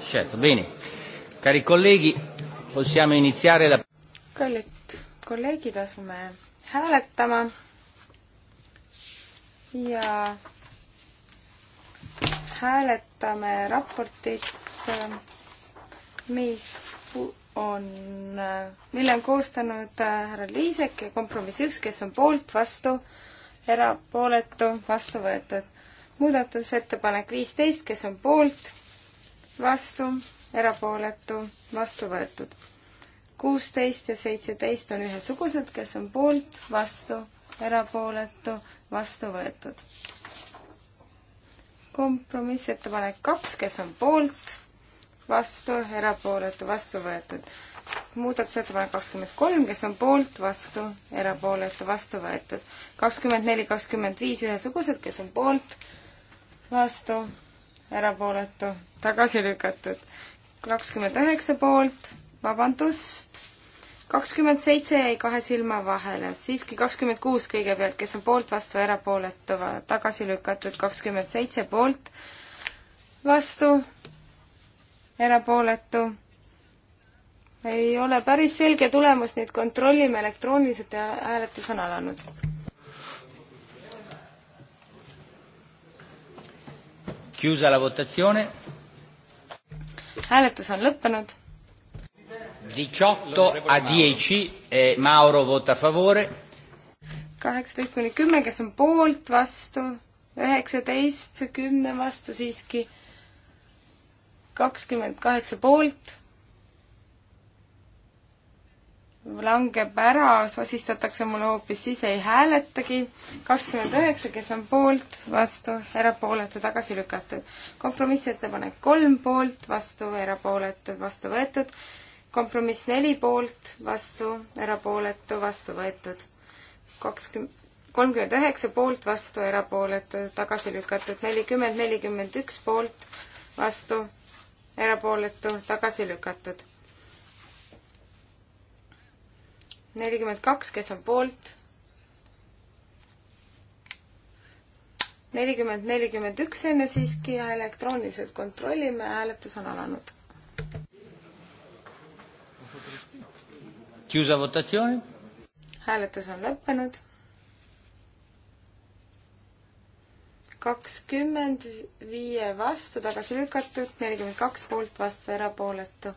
Certo, bene. Cari colleghi, possiamo iniziare la... kallid kolleegid, asume hääletama ja hääletame raportit, mis on, mille on koostanud äh, härra Liisek ja kompromiss üks, kes on poolt, vastu, erapooletu, vastu võetud. muudatusettepanek viisteist, kes on poolt vastu, erapooletu, vastu võetud. kuusteist ja seitseteist on ühesugused, kes on poolt, vastu, erapooletu, vastu võetud. kompromissettepanek kaks, kes on poolt, vastu, erapooletu, vastu võetud. muudatusettepanek kakskümmend kolm, kes on poolt, vastu, erapooletu, vastu võetud. kakskümmend neli, kakskümmend viis ühesugused, kes on poolt, vastu, erapooletu, tagasi lükatud. kakskümmend üheksa poolt, vabandust, kakskümmend seitse jäi kahe silma vahele, siiski kakskümmend kuus kõigepealt, kes on poolt, vastu, erapooletu, tagasi lükatud, kakskümmend seitse poolt, vastu, erapooletu. ei ole päris selge tulemus, nii et kontrollime elektrooniliselt ja hääletus on alanud Chiusa la votazione. hääletus on lõppenud. Diciotto a dieci eh,, Mauro vota favore. kaheksateist kuni kümme, kes on poolt, vastu, üheksateist, kümme vastu siiski, kakskümmend kaheksa poolt langeb ära, sosistatakse mulle hoopis, siis ei hääletagi. kakskümmend üheksa, kes on poolt, vastu, erapooletu, tagasi lükatud. kompromissettepanek kolm poolt, vastu, erapooletu, vastu võetud. kompromiss neli poolt, vastu, erapooletu, vastu võetud. kakskümmend, kolmkümmend üheksa poolt, vastu, erapooletu, tagasi lükatud. nelikümmend, nelikümmend üks poolt, vastu, erapooletu, tagasi lükatud nelikümmend kaks, kes on poolt? nelikümmend, nelikümmend üks enne siiski ja elektrooniliselt kontrollime, hääletus on alanud. hääletus on lõppenud. kakskümmend viie vastu tagasi lükatud, nelikümmend kaks poolt, vastu erapooletu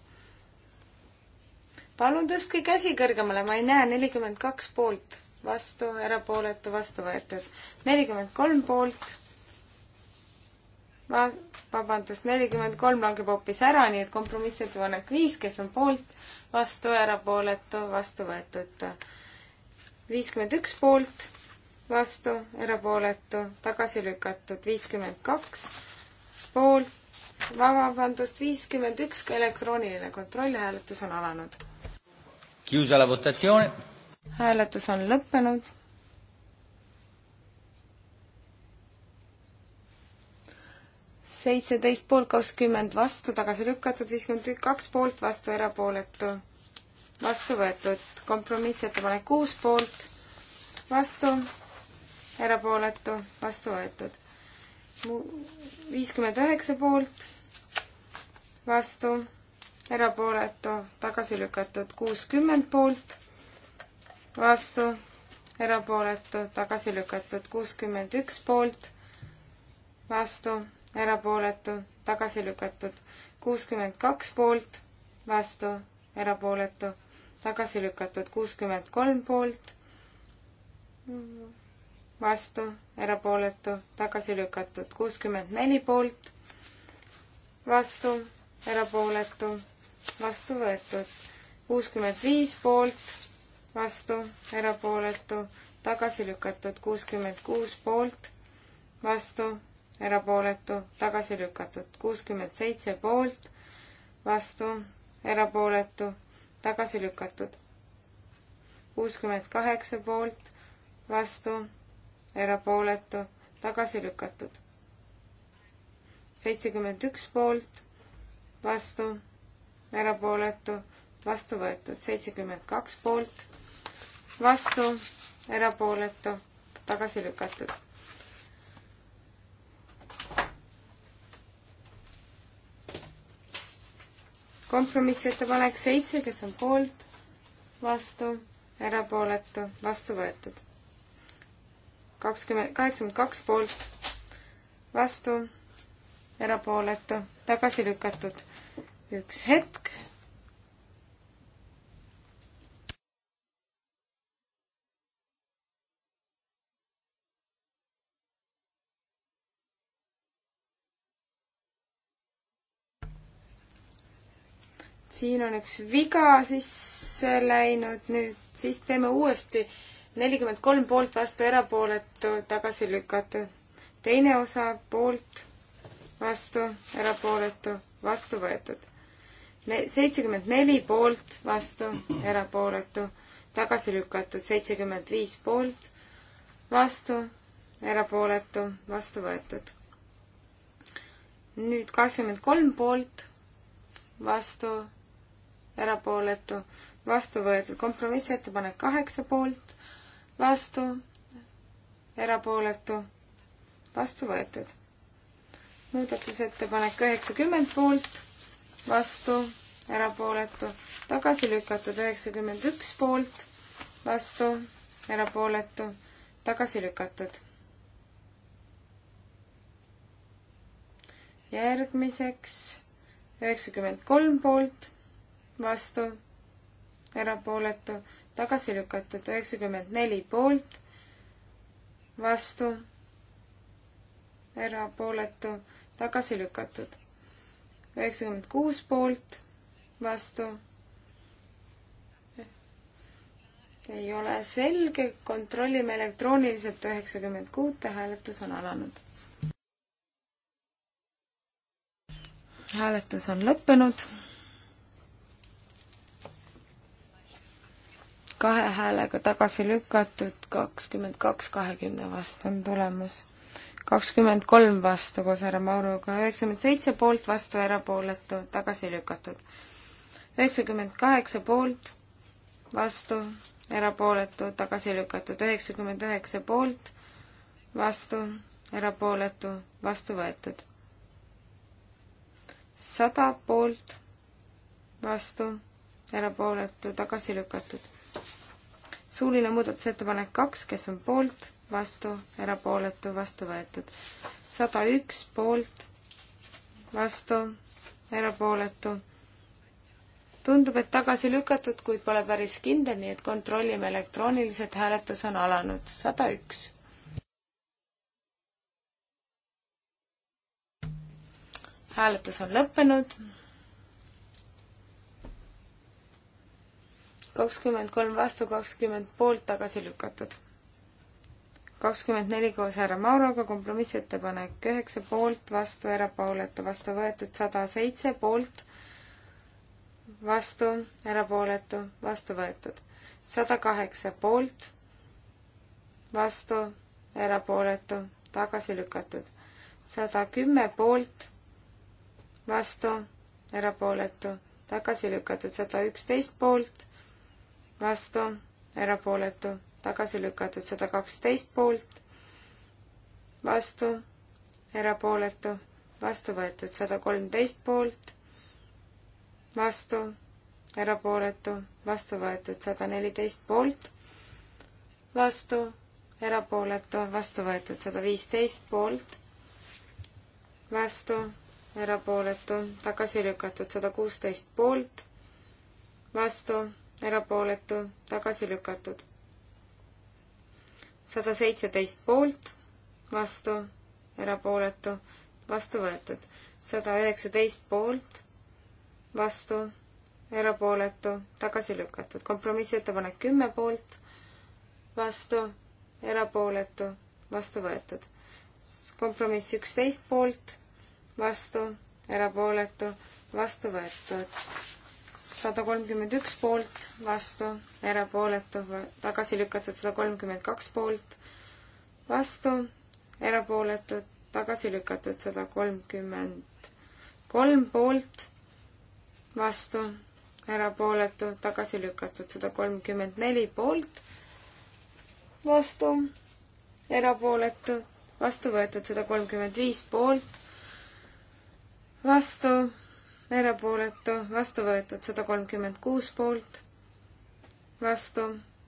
palun tõstke käsi kõrgemale, ma ei näe, nelikümmend kaks poolt, vastu, erapooletu, vastu võetud. nelikümmend kolm poolt, va-, vabandust, nelikümmend kolm langeb hoopis ära, nii et kompromissettepanek viis, kes on poolt, vastu, erapooletu, vastu võetud. viiskümmend üks poolt, vastu, erapooletu, tagasi lükatud, viiskümmend kaks poolt, vabandust, viiskümmend üks, elektrooniline kontrollhääletus on alanud hääletus on lõppenud. seitseteist poolt kakskümmend vastu, tagasi lükatud, viiskümmend kaks poolt vastu, erapooletu. vastu võetud, kompromissettepanek kuus poolt, vastu, erapooletu, vastu võetud. viiskümmend üheksa poolt, vastu erapooletu, tagasi lükatud kuuskümmend poolt, vastu, erapooletu, tagasi lükatud kuuskümmend üks poolt, vastu, erapooletu, tagasi lükatud kuuskümmend kaks poolt, vastu, erapooletu, tagasi lükatud kuuskümmend kolm poolt, vastu, erapooletu, tagasi lükatud kuuskümmend neli poolt, vastu, erapooletu, vastu võetud. kuuskümmend viis poolt, vastu, erapooletu, tagasi lükatud. kuuskümmend kuus poolt, vastu, erapooletu, tagasi lükatud. kuuskümmend seitse poolt, vastu, erapooletu, tagasi lükatud. kuuskümmend kaheksa poolt, vastu, erapooletu, tagasi lükatud seitsekümmend üks poolt, vastu, erapooletu, vastu võetud. seitsekümmend kaks poolt, vastu, erapooletu, tagasi lükatud kompromissettepanek seitse, kes on poolt, vastu, erapooletu, vastu võetud. kakskümmend, kaheksakümmend kaks poolt, vastu, erapooletu, tagasi lükatud üks hetk. siin on üks viga sisse läinud, nüüd siis teeme uuesti nelikümmend kolm poolt vastu, erapooletu, tagasi lükatud. teine osa poolt, vastu, erapooletu, vastu võetud seitsekümmend neli poolt, vastu, erapooletu, tagasi lükatud, seitsekümmend viis poolt, vastu, erapooletu, vastu võetud. nüüd kakskümmend kolm poolt, vastu, erapooletu, vastu võetud, kompromissettepanek kaheksa poolt, vastu, erapooletu, vastu võetud. muudatusettepanek üheksakümmend poolt, vastu erapooletu, tagasi lükatud üheksakümmend üks poolt, vastu, erapooletu, tagasi lükatud. järgmiseks üheksakümmend kolm poolt, vastu, erapooletu, tagasi lükatud, üheksakümmend neli poolt, vastu, erapooletu, tagasi lükatud. üheksakümmend kuus poolt vastu. ei ole selge, kontrollime elektrooniliselt üheksakümmend kuute, hääletus on alanud. hääletus on lõppenud. kahe häälega tagasi lükatud, kakskümmend kaks kahekümne vastu on tulemus kakskümmend kolm vastu koos härra Mauruga, üheksakümmend seitse poolt, vastu erapooletu, tagasi lükatud üheksakümmend kaheksa poolt, vastu, erapooletu, tagasi lükatud. üheksakümmend üheksa poolt, vastu, erapooletu, vastu võetud. sada poolt, vastu, erapooletu, tagasi lükatud. suuline muudatusettepanek kaks, kes on poolt, vastu, erapooletu, vastu võetud. sada üks poolt, vastu, erapooletu tundub, et tagasi lükatud, kuid pole päris kindel, nii et kontrollime elektrooniliselt, hääletus on alanud, sada üks. hääletus on lõppenud. kakskümmend kolm vastu, kakskümmend poolt tagasi lükatud. kakskümmend neli koos härra Mauroga, kompromissettepanek üheksa poolt, vastu erapooletu, vastu võetud sada seitse poolt vastu, erapooletu, vastu võetud. sada kaheksa poolt, vastu, erapooletu, tagasi lükatud. sada kümme poolt, vastu, erapooletu, tagasi lükatud. sada üksteist poolt, vastu, erapooletu, tagasi lükatud. sada kaksteist poolt, vastu, erapooletu, vastu võetud. sada kolmteist poolt vastu, erapooletu, vastu võetud sada neliteist poolt, vastu, erapooletu, vastu võetud sada viisteist poolt, vastu, erapooletu, tagasi lükatud sada kuusteist poolt, vastu, erapooletu, tagasi lükatud sada seitseteist poolt, vastu, erapooletu, vastu võetud sada üheksateist poolt vastu, erapooletu, tagasi lükatud. kompromissettepanek kümme poolt, vastu, erapooletu, vastu võetud. kompromiss üksteist poolt, vastu, erapooletu, vastu võetud. sada kolmkümmend üks poolt, vastu, erapooletu, tagasi lükatud sada kolmkümmend kaks poolt, vastu, erapooletud, tagasi lükatud sada kolmkümmend kolm poolt, vastu, erapooletu, tagasi lükatud, sada kolmkümmend neli poolt, vastu, erapooletu, vastu võetud, sada kolmkümmend viis poolt, vastu, erapooletu, vastu võetud, sada kolmkümmend kuus poolt, vastu,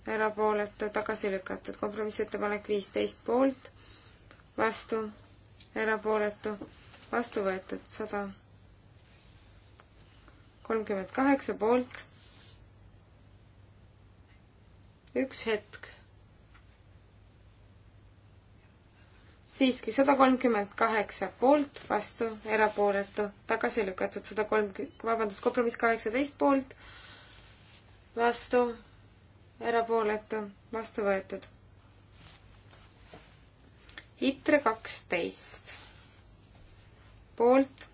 erapooletu, tagasi lükatud, kompromissettepanek viisteist poolt, vastu, erapooletu, vastu võetud, sada kolmkümmend kaheksa poolt. üks hetk. siiski sada kolmkümmend kaheksa poolt, vastu, erapooletu, tagasi lükatud sada kolm, vabandust, kompromiss kaheksateist poolt, vastu, erapooletu, vastu võetud. ITRE kaksteist poolt,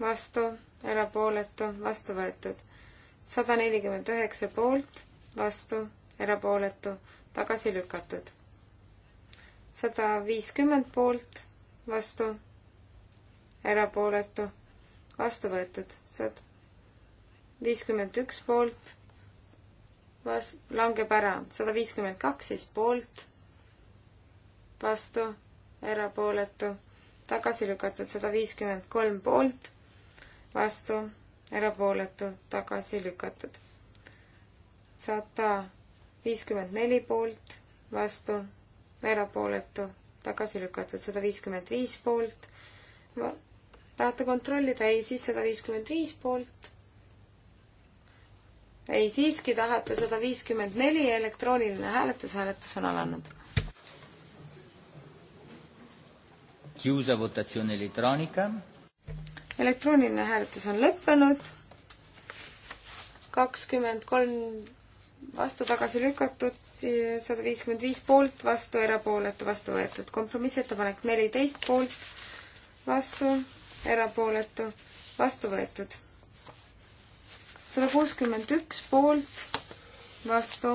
vastu erapooletu, vastu võetud. sada nelikümmend üheksa poolt, vastu, erapooletu, tagasi lükatud. sada viiskümmend poolt, vastu, erapooletu, vastu võetud. sada viiskümmend üks poolt, vas-, langeb ära. sada viiskümmend kaks siis poolt, vastu, erapooletu, tagasi lükatud. sada viiskümmend kolm poolt vastu, erapooletu, tagasi lükatud. sada viiskümmend neli poolt, vastu, erapooletu, tagasi lükatud, sada viiskümmend viis poolt. tahate kontrollida? ei, siis sada viiskümmend viis poolt. ei, siiski tahate sada viiskümmend neli, elektrooniline hääletus, hääletus on alanud. Chiusa votazione elettronica elektrooniline hääletus on lõppenud. kakskümmend kolm vastu tagasi lükatud, sada viiskümmend viis poolt, vastu erapooletu, vastu võetud. kompromissettepanek neliteist poolt, vastu erapooletu, vastu võetud. sada kuuskümmend üks poolt, vastu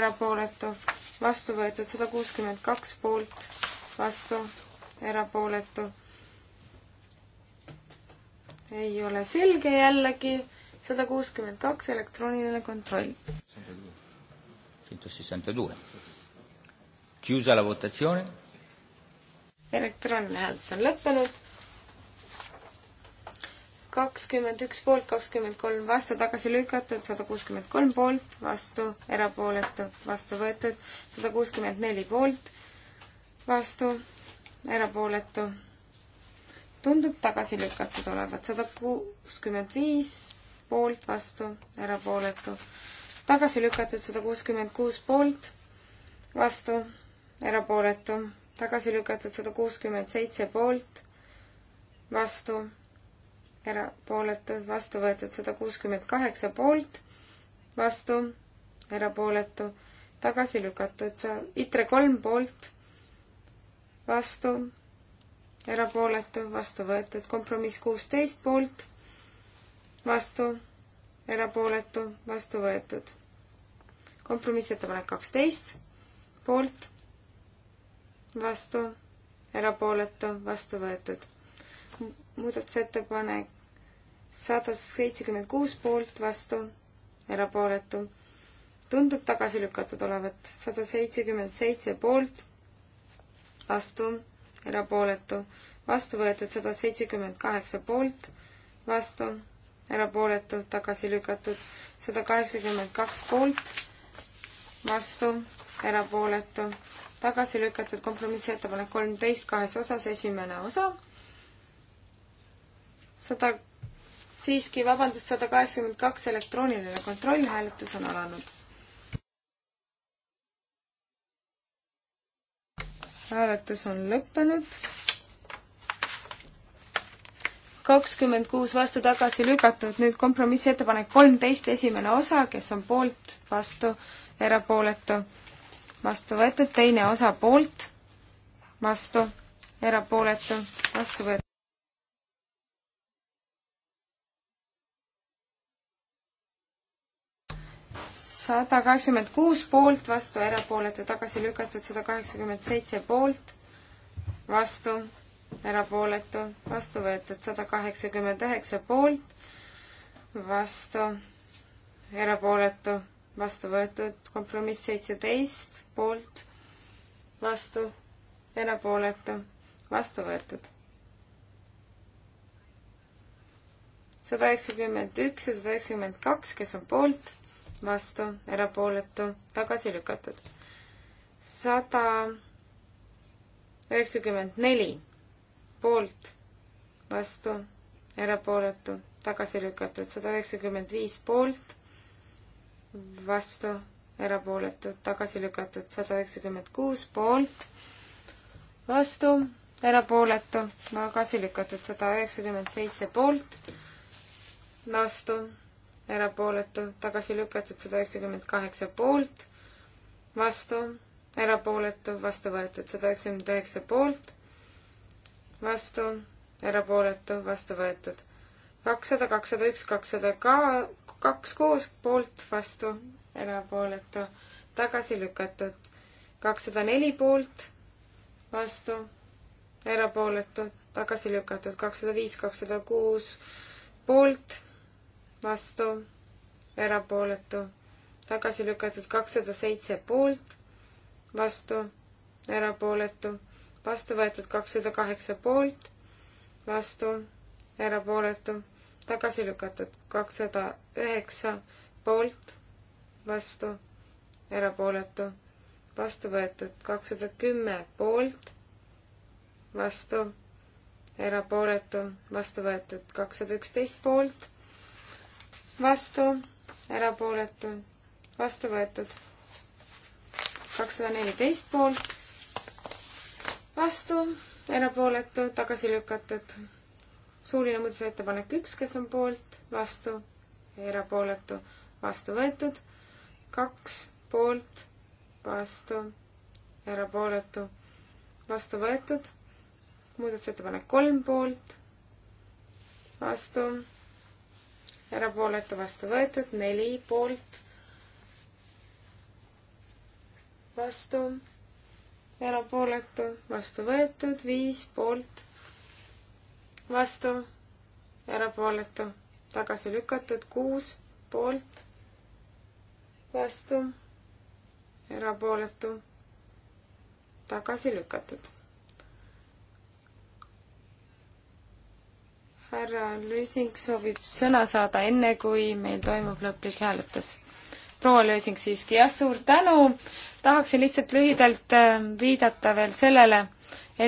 erapooletu, vastu võetud. sada kuuskümmend kaks poolt, vastu erapooletu ei ole selge jällegi, sada kuuskümmend kaks elektrooniline kontroll. elektrooniline hääletus on lõppenud. kakskümmend üks poolt, kakskümmend kolm vastu, tagasi lükatud, sada kuuskümmend kolm poolt, vastu, erapooletu, vastu võetud, sada kuuskümmend neli poolt, vastu, erapooletu tundub tagasi lükatud olevat, sada kuuskümmend viis poolt, vastu, erapooletu. tagasi lükatud sada kuuskümmend kuus poolt, vastu, erapooletu. tagasi lükatud sada kuuskümmend seitse poolt, vastu, erapooletu. vastu võetud sada kuuskümmend kaheksa poolt, vastu, erapooletu. tagasi lükatud, ITRE kolm poolt, vastu erapooletu, vastu võetud. kompromiss kuusteist poolt, vastu, erapooletu, vastu võetud. kompromissettepanek kaksteist poolt, vastu, erapooletu, vastu võetud. muudatusettepanek sada seitsekümmend kuus poolt, vastu, erapooletu. tundub tagasi lükatud olevat sada seitsekümmend seitse poolt, vastu, erapooletu, vastu võetud sada seitsekümmend kaheksa poolt, vastu, erapooletu, tagasi lükatud sada kaheksakümmend kaks poolt, vastu, erapooletu, tagasi lükatud kompromissettepanek kolmteist kahes osas, esimene osa, sada, siiski, vabandust, sada kaheksakümmend kaks elektrooniline kontrollhääletus on alanud hääletus on lõppenud. kakskümmend kuus vastu tagasi lükatud, nüüd kompromissettepanek kolmteist, esimene osa, kes on poolt, vastu, erapooletu, vastu võetud, teine osa poolt, vastu, erapooletu, vastu võetud. sada kaheksakümmend kuus poolt, vastu, erapooletu, tagasi lükatud, sada kaheksakümmend seitse poolt, vastu, erapooletu, vastu võetud, sada kaheksakümmend üheksa poolt, vastu, erapooletu, vastu võetud, kompromiss seitseteist poolt, vastu, erapooletu, vastu võetud. sada üheksakümmend üks ja sada üheksakümmend kaks, kes on poolt vastu, erapooletu, tagasi lükatud. sada üheksakümmend neli poolt, vastu, erapooletu, tagasi lükatud. sada üheksakümmend viis poolt, vastu, erapooletu, tagasi lükatud. sada üheksakümmend kuus poolt, vastu, erapooletu, tagasi lükatud. sada üheksakümmend seitse poolt, vastu erapooletu, tagasi lükatud sada üheksakümmend kaheksa poolt, vastu, erapooletu, vastu võetud sada üheksakümmend üheksa poolt, vastu, erapooletu, vastu võetud kakssada, kakssada üks, kakssada ka, kaks koos, poolt, vastu, erapooletu, tagasi lükatud kakssada neli poolt, vastu, erapooletu, tagasi lükatud kakssada viis, kakssada kuus poolt vastu, erapooletu, tagasi lükatud kakssada seitse poolt, vastu, erapooletu, vastu võetud kakssada kaheksa poolt, vastu, erapooletu, tagasi lükatud kakssada üheksa poolt, vastu, erapooletu, vastu võetud kakssada kümme poolt, vastu, erapooletu, vastu võetud kakssada üksteist poolt vastu, erapooletu, vastu võetud. kakssada neliteist poolt, vastu, erapooletu, tagasi lükatud. suuline muudatusettepanek üks, kes on poolt, vastu, erapooletu, vastu võetud. kaks poolt, vastu, erapooletu, vastu võetud. muudatusettepanek kolm poolt, vastu erapooletu vastu võetud, neli poolt, vastu, erapooletu vastu võetud, viis poolt, vastu, erapooletu tagasi lükatud, kuus poolt, vastu, erapooletu tagasi lükatud härra Lüüsing soovib sõna saada enne, kui meil toimub lõplik hääletus. proua Lüüsing siiski, jah, suur tänu. tahaksin lihtsalt lühidalt ähm, viidata veel sellele,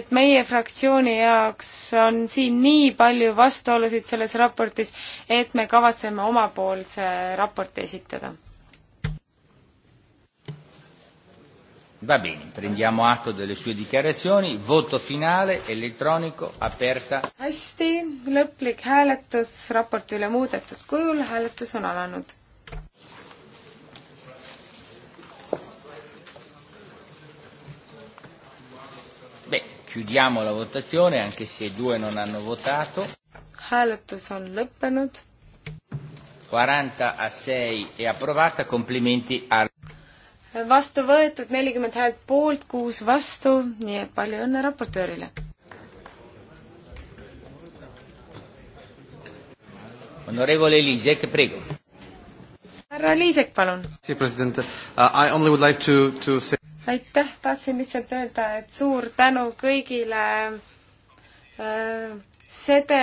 et meie fraktsiooni jaoks on siin nii palju vastuolusid selles raportis, et me kavatseme omapoolse raporti esitada Va bene, prendiamo atto delle sue dichiarazioni, voto finale elettronico aperta. hästi, lõplik hääletus raporti üle muudetud kujul, hääletus on alanud. Chiudiamo la votazione anche se due non hanno votato. Hääletus on lõppenud. 40 a 6 è approvata, complimenti al vastu võetud, nelikümmend häält poolt, kuus vastu, nii et palju õnne raportöörile! Onorevole Liisek, prego. härra Liisek, palun. Uh, aitäh, tahtsin lihtsalt öelda, et suur tänu kõigile äh, sede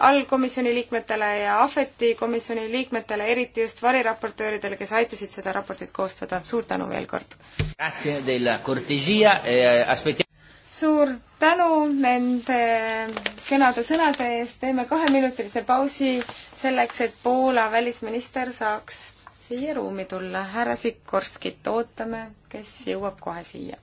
allkomisjoni liikmetele ja ahveti komisjoni liikmetele, eriti just variraportööridele, kes aitasid seda raportit koostada, suur tänu veel kord! E, eh, suur tänu nende kenade sõnade eest, teeme kaheminutilise pausi selleks, et Poola välisminister saaks siia ruumi tulla. härra Sikorskit ootame, kes jõuab kohe siia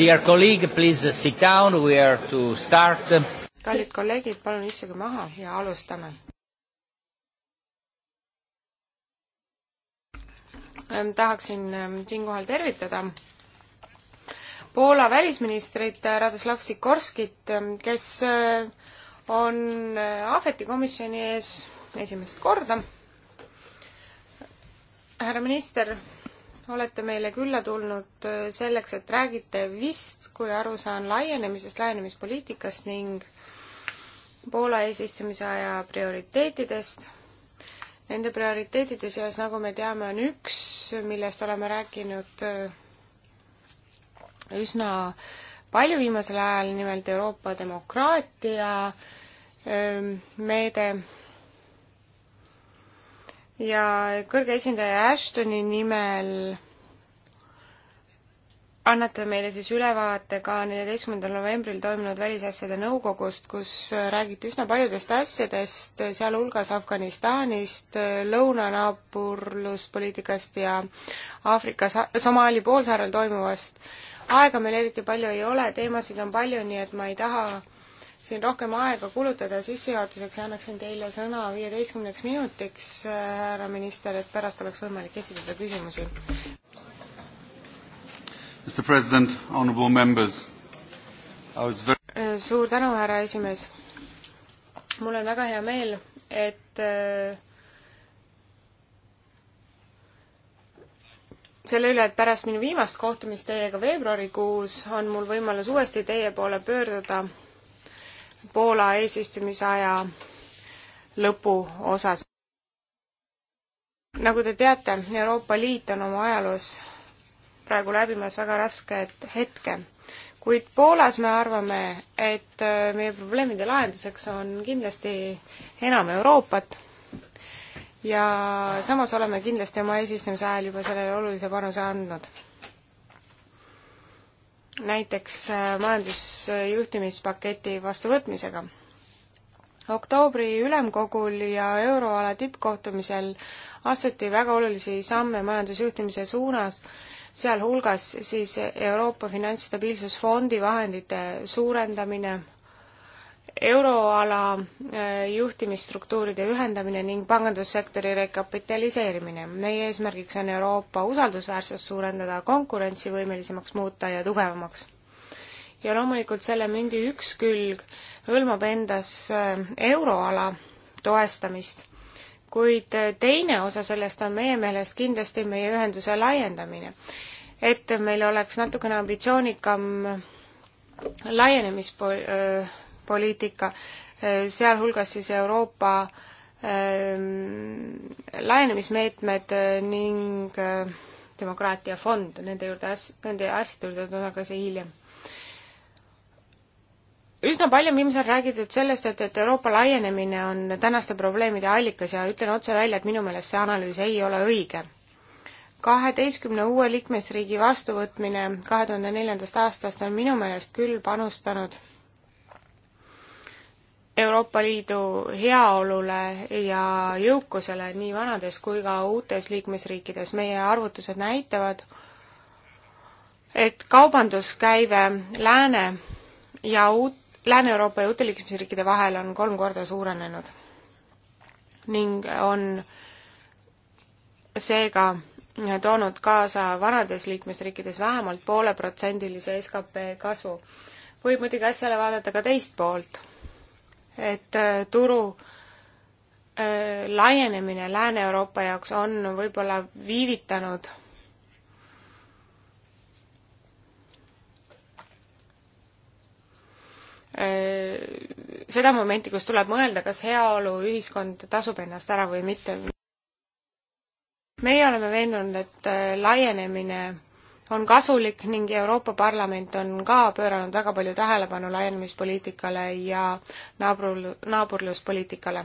Dear colleague, please sit down, we are to start. kallid kolleegid, palun istuge maha ja alustame. Ähm, tahaksin ähm, siinkohal tervitada Poola välisministrit äh, Radoslav Sikorskit, ähm, kes äh, on äh, Ahveti komisjoni ees esimest korda. härra minister olete meile külla tulnud äh, selleks, et räägite vist, kui aru saan, laienemisest, laienemispoliitikast ning Poola eesistumise aja prioriteetidest. Nende prioriteetide seas, nagu me teame, on üks, millest oleme rääkinud äh, üsna palju viimasel ajal, nimelt Euroopa demokraatia ähm, meede ja kõrge esindaja Ashtoni nimel annate meile siis ülevaate ka neljateistkümnendal novembril toimunud Välisasjade Nõukogust, kus räägiti üsna paljudest asjadest, sealhulgas Afganistanist, lõunanaabruspoliitikast ja Aafrikas, Somaali poolsaarel toimuvast. aega meil eriti palju ei ole, teemasid on palju, nii et ma ei taha siin rohkem aega kulutada sissejuhatuseks ja annaksin teile sõna viieteistkümneks minutiks, äh, härra minister, et pärast oleks võimalik esitada küsimusi. Mr President, honourable members, I was very äh, suur tänu, härra esimees. mul on väga hea meel, et äh, selle üle, et pärast minu viimast kohtumist teiega veebruarikuus on mul võimalus uuesti teie poole pöörduda Poola eesistumise aja lõpuosas. nagu te teate, Euroopa Liit on oma ajaloos praegu läbimas väga rasket hetke, kuid Poolas me arvame, et äh, meie probleemide lahenduseks on kindlasti enam Euroopat ja samas oleme kindlasti oma eesistumise ajal juba sellele olulise panuse andnud näiteks äh, majandusjuhtimispaketi vastuvõtmisega. oktoobri ülemkogul ja euroala tippkohtumisel astuti väga olulisi samme majandusjuhtimise suunas, sealhulgas siis Euroopa Finantsstabiilsusfondi vahendite suurendamine euroala äh, juhtimisstruktuuride ühendamine ning pangandussektori rekapitaliseerimine. meie eesmärgiks on Euroopa usaldusväärsust suurendada, konkurentsivõimelisemaks muuta ja tugevamaks. ja loomulikult selle mündi üks külg hõlmab endas äh, euroala toestamist, kuid äh, teine osa sellest on meie meelest kindlasti meie ühenduse laiendamine. et meil oleks natukene ambitsioonikam laienemispo-, poliitika, äh, sealhulgas siis Euroopa ähm, laenemismeetmed äh, ning äh, demokraatiafond, nende juurde as-, nende asjade juurde tulen tagasi hiljem. üsna palju on viimasel ajal räägitud sellest, et, et Euroopa laienemine on tänaste probleemide allikas ja ütlen otse välja, et minu meelest see analüüs ei ole õige kaheteistkümne uue liikmesriigi vastuvõtmine kahe tuhande neljandast aastast on minu meelest küll panustanud Euroopa Liidu heaolule ja jõukusele nii vanades kui ka uutes liikmesriikides. meie arvutused näitavad, et kaubanduskäive Lääne ja uut, Lääne-Euroopa ja uute liikmesriikide vahel on kolm korda suurenenud ning on seega toonud kaasa vanades liikmesriikides vähemalt poole protsendilise SKP kasvu. võib muidugi asjale vaadata ka teist poolt et äh, turu äh, laienemine Lääne-Euroopa jaoks on võib-olla viivitanud äh, seda momenti, kus tuleb mõelda, kas heaoluühiskond tasub ennast ära või mitte. meie oleme veendunud, et laienemine on kasulik ning Euroopa Parlament on ka pööranud väga palju tähelepanu laienemispoliitikale ja naabrul, naabruspoliitikale.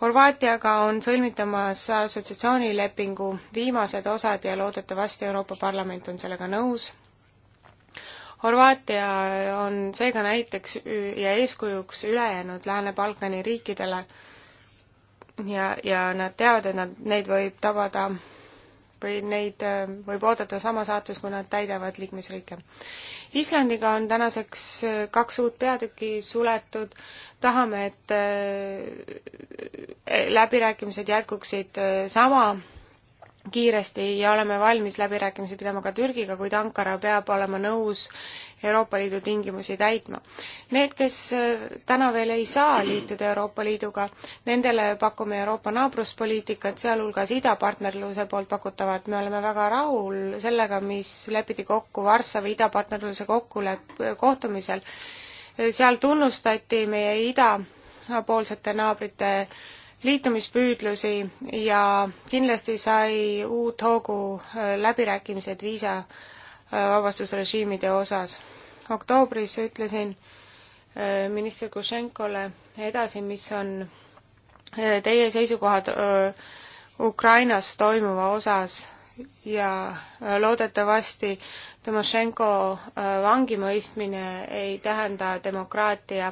Horvaatiaga on sõlmitamas assotsiatsioonilepingu viimased osad ja loodetavasti Euroopa Parlament on sellega nõus. Horvaatia on seega näiteks ja eeskujuks ülejäänud Lääne-Balkani riikidele ja, ja nad teavad, et nad, neid võib tabada või neid äh, võib oodata sama saatus, kui nad täidavad liikmesriike. Islandiga on tänaseks äh, kaks uut peatükki suletud, tahame, et äh, läbirääkimised jätkuksid sama kiiresti ja oleme valmis läbirääkimisi pidama ka Türgiga, kuid Ankara peab olema nõus Euroopa Liidu tingimusi täitma. Need, kes äh, täna veel ei saa liituda Euroopa Liiduga, nendele pakume Euroopa naabruspoliitikat, sealhulgas idapartnerluse poolt pakutavat, me oleme väga rahul sellega, mis lepiti kokku Varssavi idapartnerluse kokkulepp-, kohtumisel. seal tunnustati meie idapoolsete naabrite äh, liitumispüüdlusi ja kindlasti sai uut hoogu äh, läbirääkimised viisavabastusrežiimide äh, osas. oktoobris ütlesin äh, minister Kušenkole edasi, mis on teie seisukohad Ukrainas toimuva osas ja äh, loodetavasti Tomašenko äh, vangi mõistmine ei tähenda demokraatia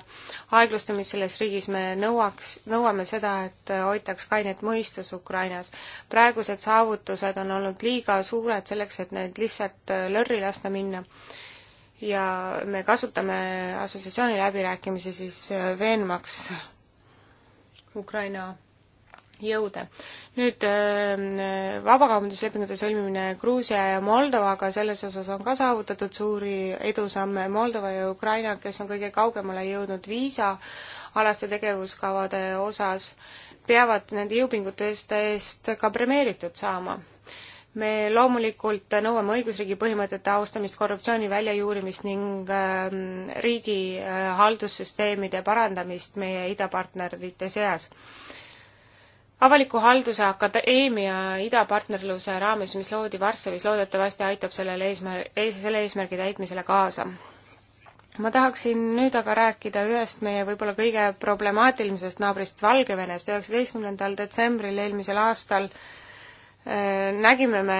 aeglustamist selles riigis, me nõuaks, nõuame seda, et äh, hoitaks kainet mõistus Ukrainas. praegused saavutused on olnud liiga suured selleks, et need lihtsalt lörri lasta minna. ja me kasutame assotsiatsiooni läbirääkimisi siis veenmaks Ukraina jõude. nüüd äh, vabakaubanduslepingute sõlmimine Gruusia ja Moldovaga, selles osas on ka saavutatud suuri edusamme, Moldova ja Ukraina, kes on kõige kaugemale jõudnud viisaalaste tegevuskavade osas, peavad nende jõupingutuste eest ka premeeritud saama me loomulikult nõuame õigusriigi põhimõtete austamist, korruptsiooni väljajuurimist ning ähm, riigi äh, haldussüsteemide parandamist meie idapartnerite seas avaliku halduse akadeemia idapartnerluse raames, mis loodi Varssavis, loodetavasti aitab sellele eesmär-, selle eesmärgi täitmisele kaasa. ma tahaksin nüüd aga rääkida ühest meie võib-olla kõige problemaatilisemast naabrist Valgevenest. üheksateistkümnendal detsembril eelmisel aastal äh, nägime me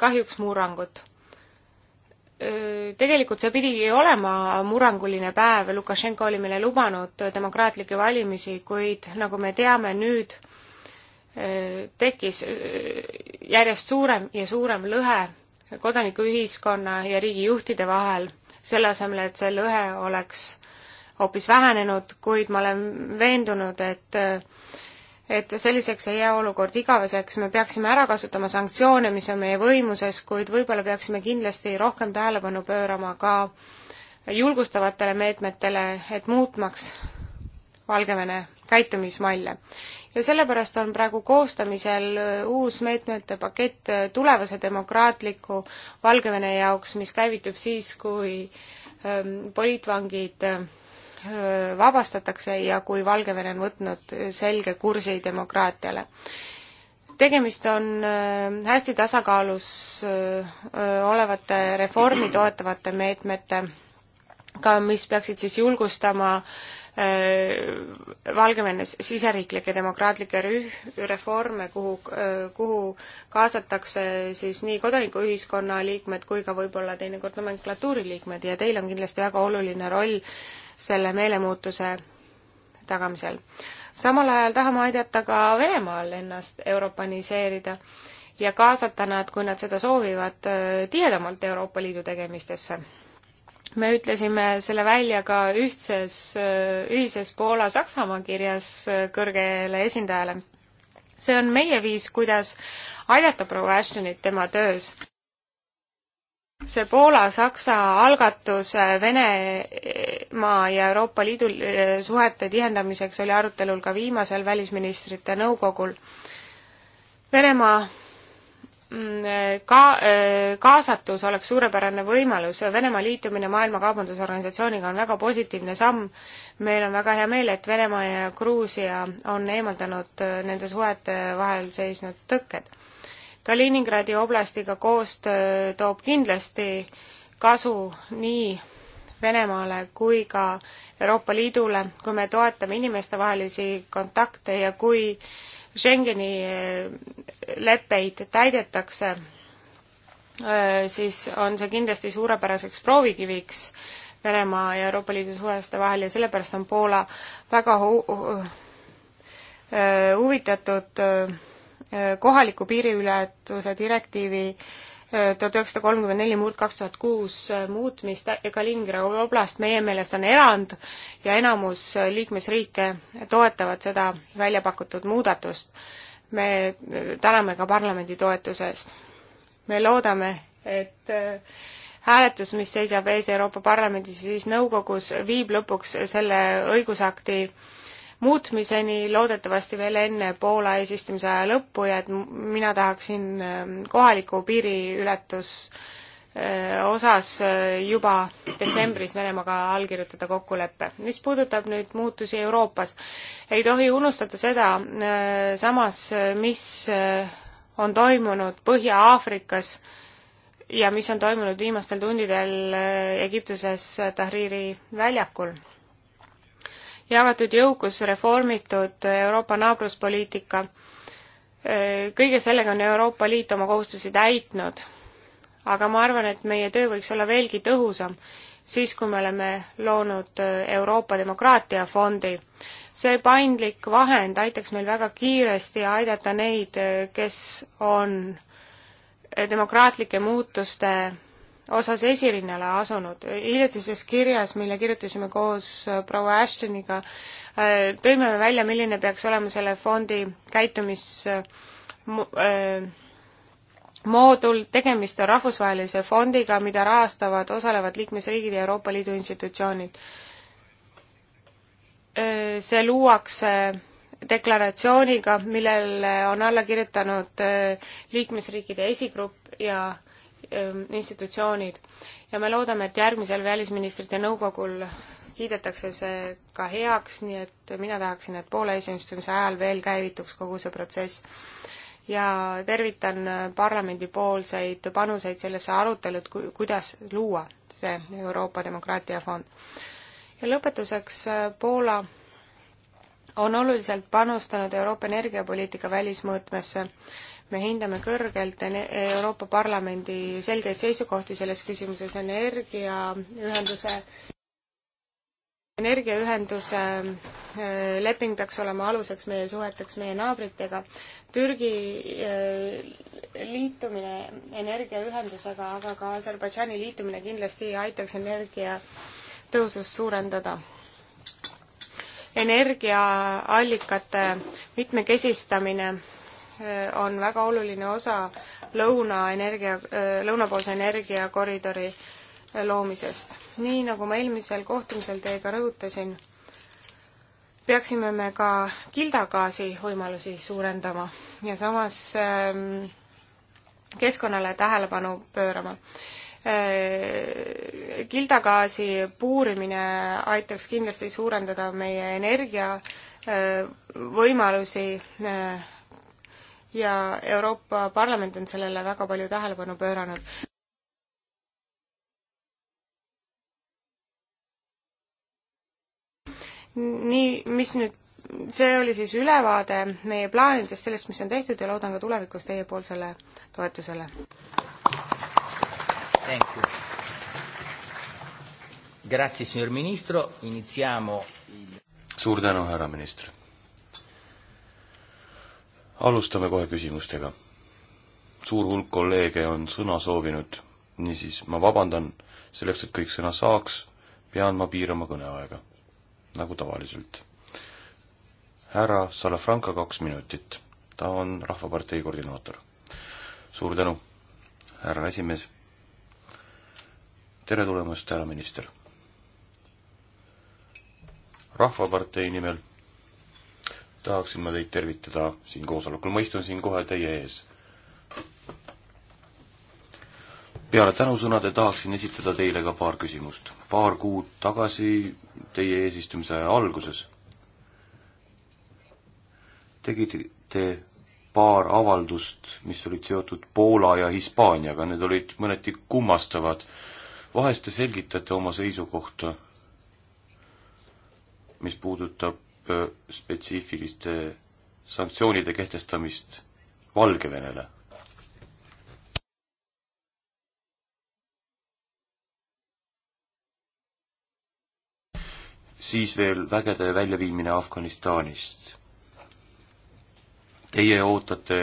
kahjuks murrangut äh, tegelikult see pidigi olema murranguline päev, Lukašenko oli meile lubanud demokraatlikke valimisi, kuid nagu me teame nüüd, äh, tekkis äh, järjest suurem ja suurem lõhe kodanikuühiskonna ja riigijuhtide vahel, selle asemel, et see lõhe oleks hoopis vähenenud, kuid ma olen veendunud, et et selliseks ei jää olukord igaveseks, me peaksime ära kasutama sanktsioone, mis on meie võimuses, kuid võib-olla peaksime kindlasti rohkem tähelepanu pöörama ka julgustavatele meetmetele, et muutmaks Valgevene käitumismalle. ja sellepärast on praegu koostamisel äh, uus meetmete pakett äh, tulevase demokraatliku Valgevene jaoks, mis käivitub siis, kui ähm, poliitvangid äh, vabastatakse ja kui Valgevene on võtnud selge kursi demokraatiale. tegemist on hästi tasakaalus olevate reformi toetavate meetmete ka, mis peaksid siis julgustama äh, Äh, Valgevenes siseriiklikke demokraatlikke rüh-, reforme, kuhu, äh, kuhu kaasatakse siis nii kodanikuühiskonna liikmed kui ka võib-olla teinekord nomenklatuuri liikmed ja teil on kindlasti väga oluline roll selle meelemuutuse tagamisel. samal ajal tahame aidata ka Venemaal ennast europaniseerida ja kaasata nad, kui nad seda soovivad, äh, tihedamalt Euroopa Liidu tegemistesse me ütlesime selle välja ka ühtses, ühises Poola-Saksamaa kirjas äh, kõrgele esindajale. see on meie viis, kuidas aidata proua Ashtonit tema töös see Poola-Saksa algatus äh, Venemaa ja Euroopa Liidu äh, suhete tihendamiseks oli arutelul ka viimasel välisministrite nõukogul. Venemaa Mm, äh, ka äh, kaasatus oleks suurepärane võimalus, Venemaa liitumine Maailma Kaubandusorganisatsiooniga on väga positiivne samm. meil on väga hea meel, et Venemaa ja Gruusia on eemaldanud äh, nende suhete vahel seisnud tõkked. Kaliningradi oblastiga koostöö toob kindlasti kasu nii Venemaale kui ka Euroopa Liidule, kui me toetame inimestevahelisi kontakte ja kui äh, Schengeni eh, leppeid täidetakse, eh, siis on see kindlasti suurepäraseks proovikiviks Venemaa ja Euroopa Liidu suhete vahel ja sellepärast on Poola väga hu-, hu eh, huvitatud kohaliku piiriületuse direktiivi tuhat üheksasada kolmkümmend neli murd kaks tuhat kuus äh, muutmist Kaliningradi oblast meie meelest on erand ja enamus liikmesriike toetavad seda välja pakutud muudatust. me täname ka parlamendi toetuse eest. me loodame, et äh, hääletus, mis seisab ees Euroopa Parlamendis ja siis nõukogus, viib lõpuks selle õigusakti äh, muutmiseni loodetavasti veel enne Poola eesistumise aja lõppu ja et mina tahaksin ähm, kohaliku piiriületus äh, osas äh, juba detsembris Venemaaga allkirjutada kokkuleppe. mis puudutab nüüd muutusi Euroopas, ei tohi unustada seda äh, samas, mis on toimunud Põhja-Aafrikas ja mis on toimunud viimastel tundidel Egiptuses Tahriri väljakul jagatud jõukus, reformitud Euroopa naabruspoliitika, kõige sellega on Euroopa Liit oma kohustusi täitnud. aga ma arvan, et meie töö võiks olla veelgi tõhusam, siis kui me oleme loonud Euroopa demokraatiafondi. see paindlik vahend aitaks meil väga kiiresti aidata neid, kes on demokraatlike muutuste osas esirinnale asunud. hiljutises kirjas, mille kirjutasime koos äh, proua Ashtoniga, äh, tõime me välja, milline peaks olema selle fondi käitumismoodul, äh, tegemist on rahvusvahelise fondiga, mida rahastavad osalevad liikmesriigid ja Euroopa Liidu institutsioonid. See luuakse deklaratsiooniga, millele on alla kirjutanud liikmesriikide esigrupp ja Ähm, institutsioonid. ja me loodame, et järgmisel välisministrite nõukogul kiidetakse see ka heaks, nii et mina tahaksin, et Poola eesistumise ajal veel käivituks kogu see protsess. ja tervitan parlamendipoolseid panuseid sellesse arutelu, et kuidas luua see Euroopa Demokraatia Fond. ja lõpetuseks äh, Poola on oluliselt panustanud Euroopa energiapoliitika välismõõtmesse me hindame kõrgelt Euroopa Parlamendi selgeid seisukohti selles küsimuses energiaühenduse energiaühenduse äh, leping peaks olema aluseks meie suheteks meie naabritega. Türgi äh, liitumine energiaühendusega, aga ka Aserbaidžaani liitumine kindlasti aitaks energiatõusust suurendada. energiaallikate mitmekesistamine Eh, on väga oluline osa lõunaenergia, eh, lõunapoolse energiakoridori eh, loomisest. nii, nagu ma eelmisel kohtumisel teiega rõhutasin, peaksime me ka kildagaasi võimalusi suurendama ja samas ehm, keskkonnale tähelepanu pöörama. Kildagaasi puurimine aitaks kindlasti suurendada meie energia võimalusi ja Euroopa Parlament on sellele väga palju tähelepanu pööranud. nii, mis nüüd, see oli siis ülevaade meie plaanidest, sellest, mis on tehtud ja loodan ka tulevikus teiepoolsele toetusele. Thank you. Grazie, signor ministro, iniziamo. suur tänu, härra minister alustame kohe küsimustega. suur hulk kolleege on sõna soovinud, niisiis ma vabandan, selleks, et kõik sõna saaks, pean ma piirama kõneaega, nagu tavaliselt. härra Salafranca kaks minutit, ta on Rahvapartei koordinaator. suur tänu, härra esimees. tere tulemast, härra minister. rahvapartei nimel tahaksin ma teid tervitada siin koosolekul, ma istun siin kohe teie ees. peale tänusõnade tahaksin esitada teile ka paar küsimust. paar kuud tagasi, teie eesistumise aja alguses, tegite te paar avaldust, mis olid seotud Poola ja Hispaaniaga, need olid mõneti kummastavad. vahest te selgitate oma seisukohta, mis puudutab Äh, spetsiifiliste sanktsioonide kehtestamist Valgevenele. siis veel vägede väljaviimine Afganistanist. Teie ootate,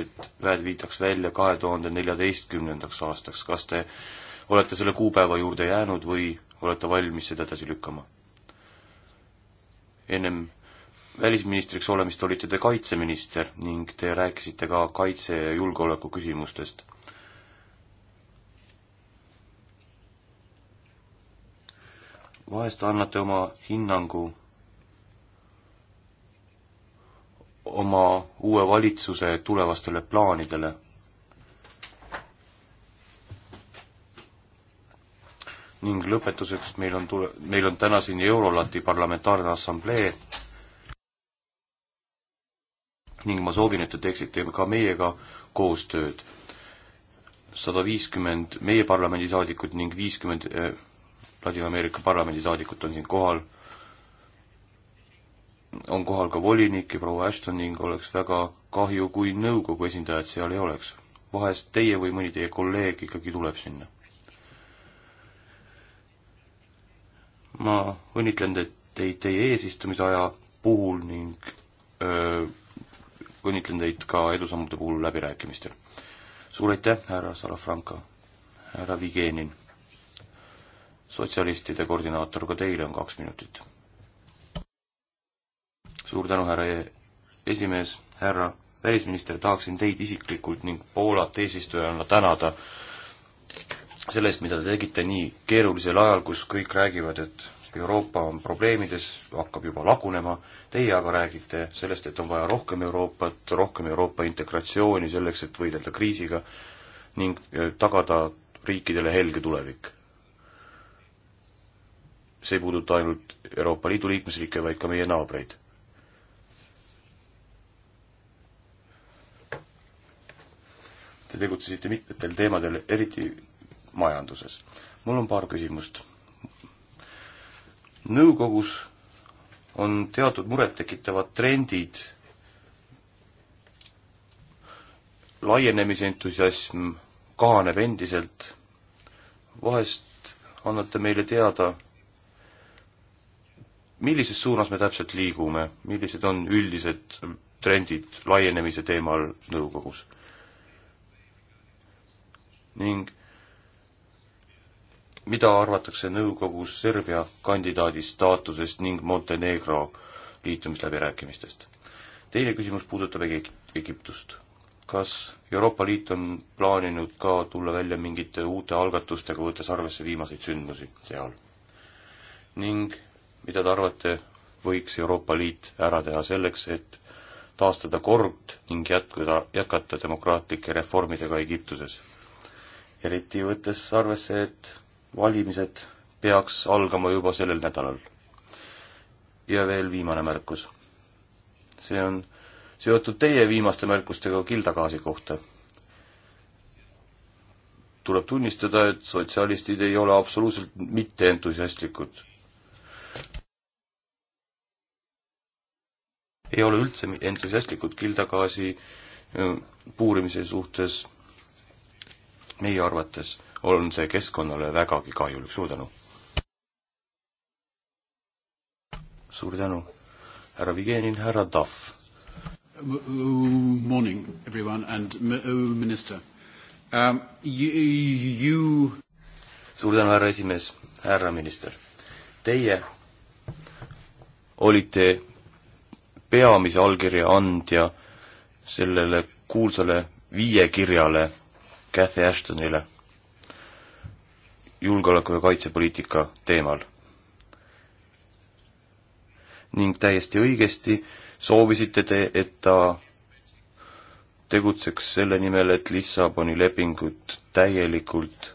et väed viidaks välja kahe tuhande neljateistkümnendaks aastaks, kas te olete selle kuupäeva juurde jäänud või olete valmis seda edasi lükkama? ennem välisministriks olemist olite te kaitseminister ning te rääkisite ka kaitse- ja julgeoleku küsimustest. vahest annate oma hinnangu oma uue valitsuse tulevastele plaanidele ning lõpetuseks meil on tule-, meil on täna siin Eurolati Parlamentaarne Assamblee ning ma soovin, et te teeksite ka meiega koostööd. sada viiskümmend meie parlamendisaadikut ning viiskümmend eh, Ladina-Ameerika parlamendisaadikut on siin kohal, on kohal ka volinik ja proua Ashton ning oleks väga kahju, kui nõukogu esindajad seal ei oleks. vahest teie või mõni teie kolleeg ikkagi tuleb sinna ma õnnitlen teid teid teie eesistumisaja puhul ning öö, õnnitlen teid ka edusammude puhul läbirääkimistel. suur aitäh, härra Salafranco, härra Vigenin. sotsialistide koordinaator, ka teile on kaks minutit. suur tänu, härra e-, esimees, härra välisminister, tahaksin teid isiklikult ning Poolat eesistujana tänada äh, selle eest, mida te tegite nii keerulisel ajal, kus kõik räägivad, et Euroopa on probleemides, hakkab juba lagunema, teie aga räägite sellest, et on vaja rohkem Euroopat, rohkem Euroopa integratsiooni selleks, et võidelda kriisiga ning eh, tagada riikidele helge tulevik. see ei puuduta ainult Euroopa Liidu liikmesriike, vaid ka meie naabreid. Te tegutsesite mitmetel teemadel, eriti majanduses. mul on paar küsimust. nõukogus on teatud murettekitavad trendid, laienemise entusiasm kahaneb endiselt, vahest annate meile teada, millises suunas me täpselt liigume, millised on üldised trendid laienemise teemal nõukogus? ning mida arvatakse nõukogus Serbia kandidaadi staatusest ning Montenegro liitumisläbirääkimistest? teine küsimus puudutab Egip Egiptust. kas Euroopa Liit on plaaninud ka tulla välja mingite uute algatustega, võttes arvesse viimaseid sündmusi seal? ning mida te arvate, võiks Euroopa Liit ära teha selleks, et taastada kord ning jätkuda, jätkata demokraatlike reformidega Egiptuses? eriti võttes arvesse, et valimised peaks algama juba sellel nädalal. ja veel viimane märkus. see on seotud teie viimaste märkustega kildagaasi kohta. tuleb tunnistada, et sotsialistid ei ole absoluutselt mitte entusiastlikud. ei ole üldse entusiastlikud kildagaasi äh, puurimise suhtes meie arvates on see keskkonnale vägagi kahjulik. suur tänu! suur tänu, härra Vigenin, härra Tahv. Morning everyone and uh, minister um,. You, you... suur tänu, härra esimees, härra minister. Teie olite peamise allkirja andja sellele kuulsale viiekirjale Cathy Ashtonile julgeoleku- ja kaitsepoliitika teemal. ning täiesti õigesti soovisite te, et ta tegutseks selle nimel, et Lissaboni lepingut täielikult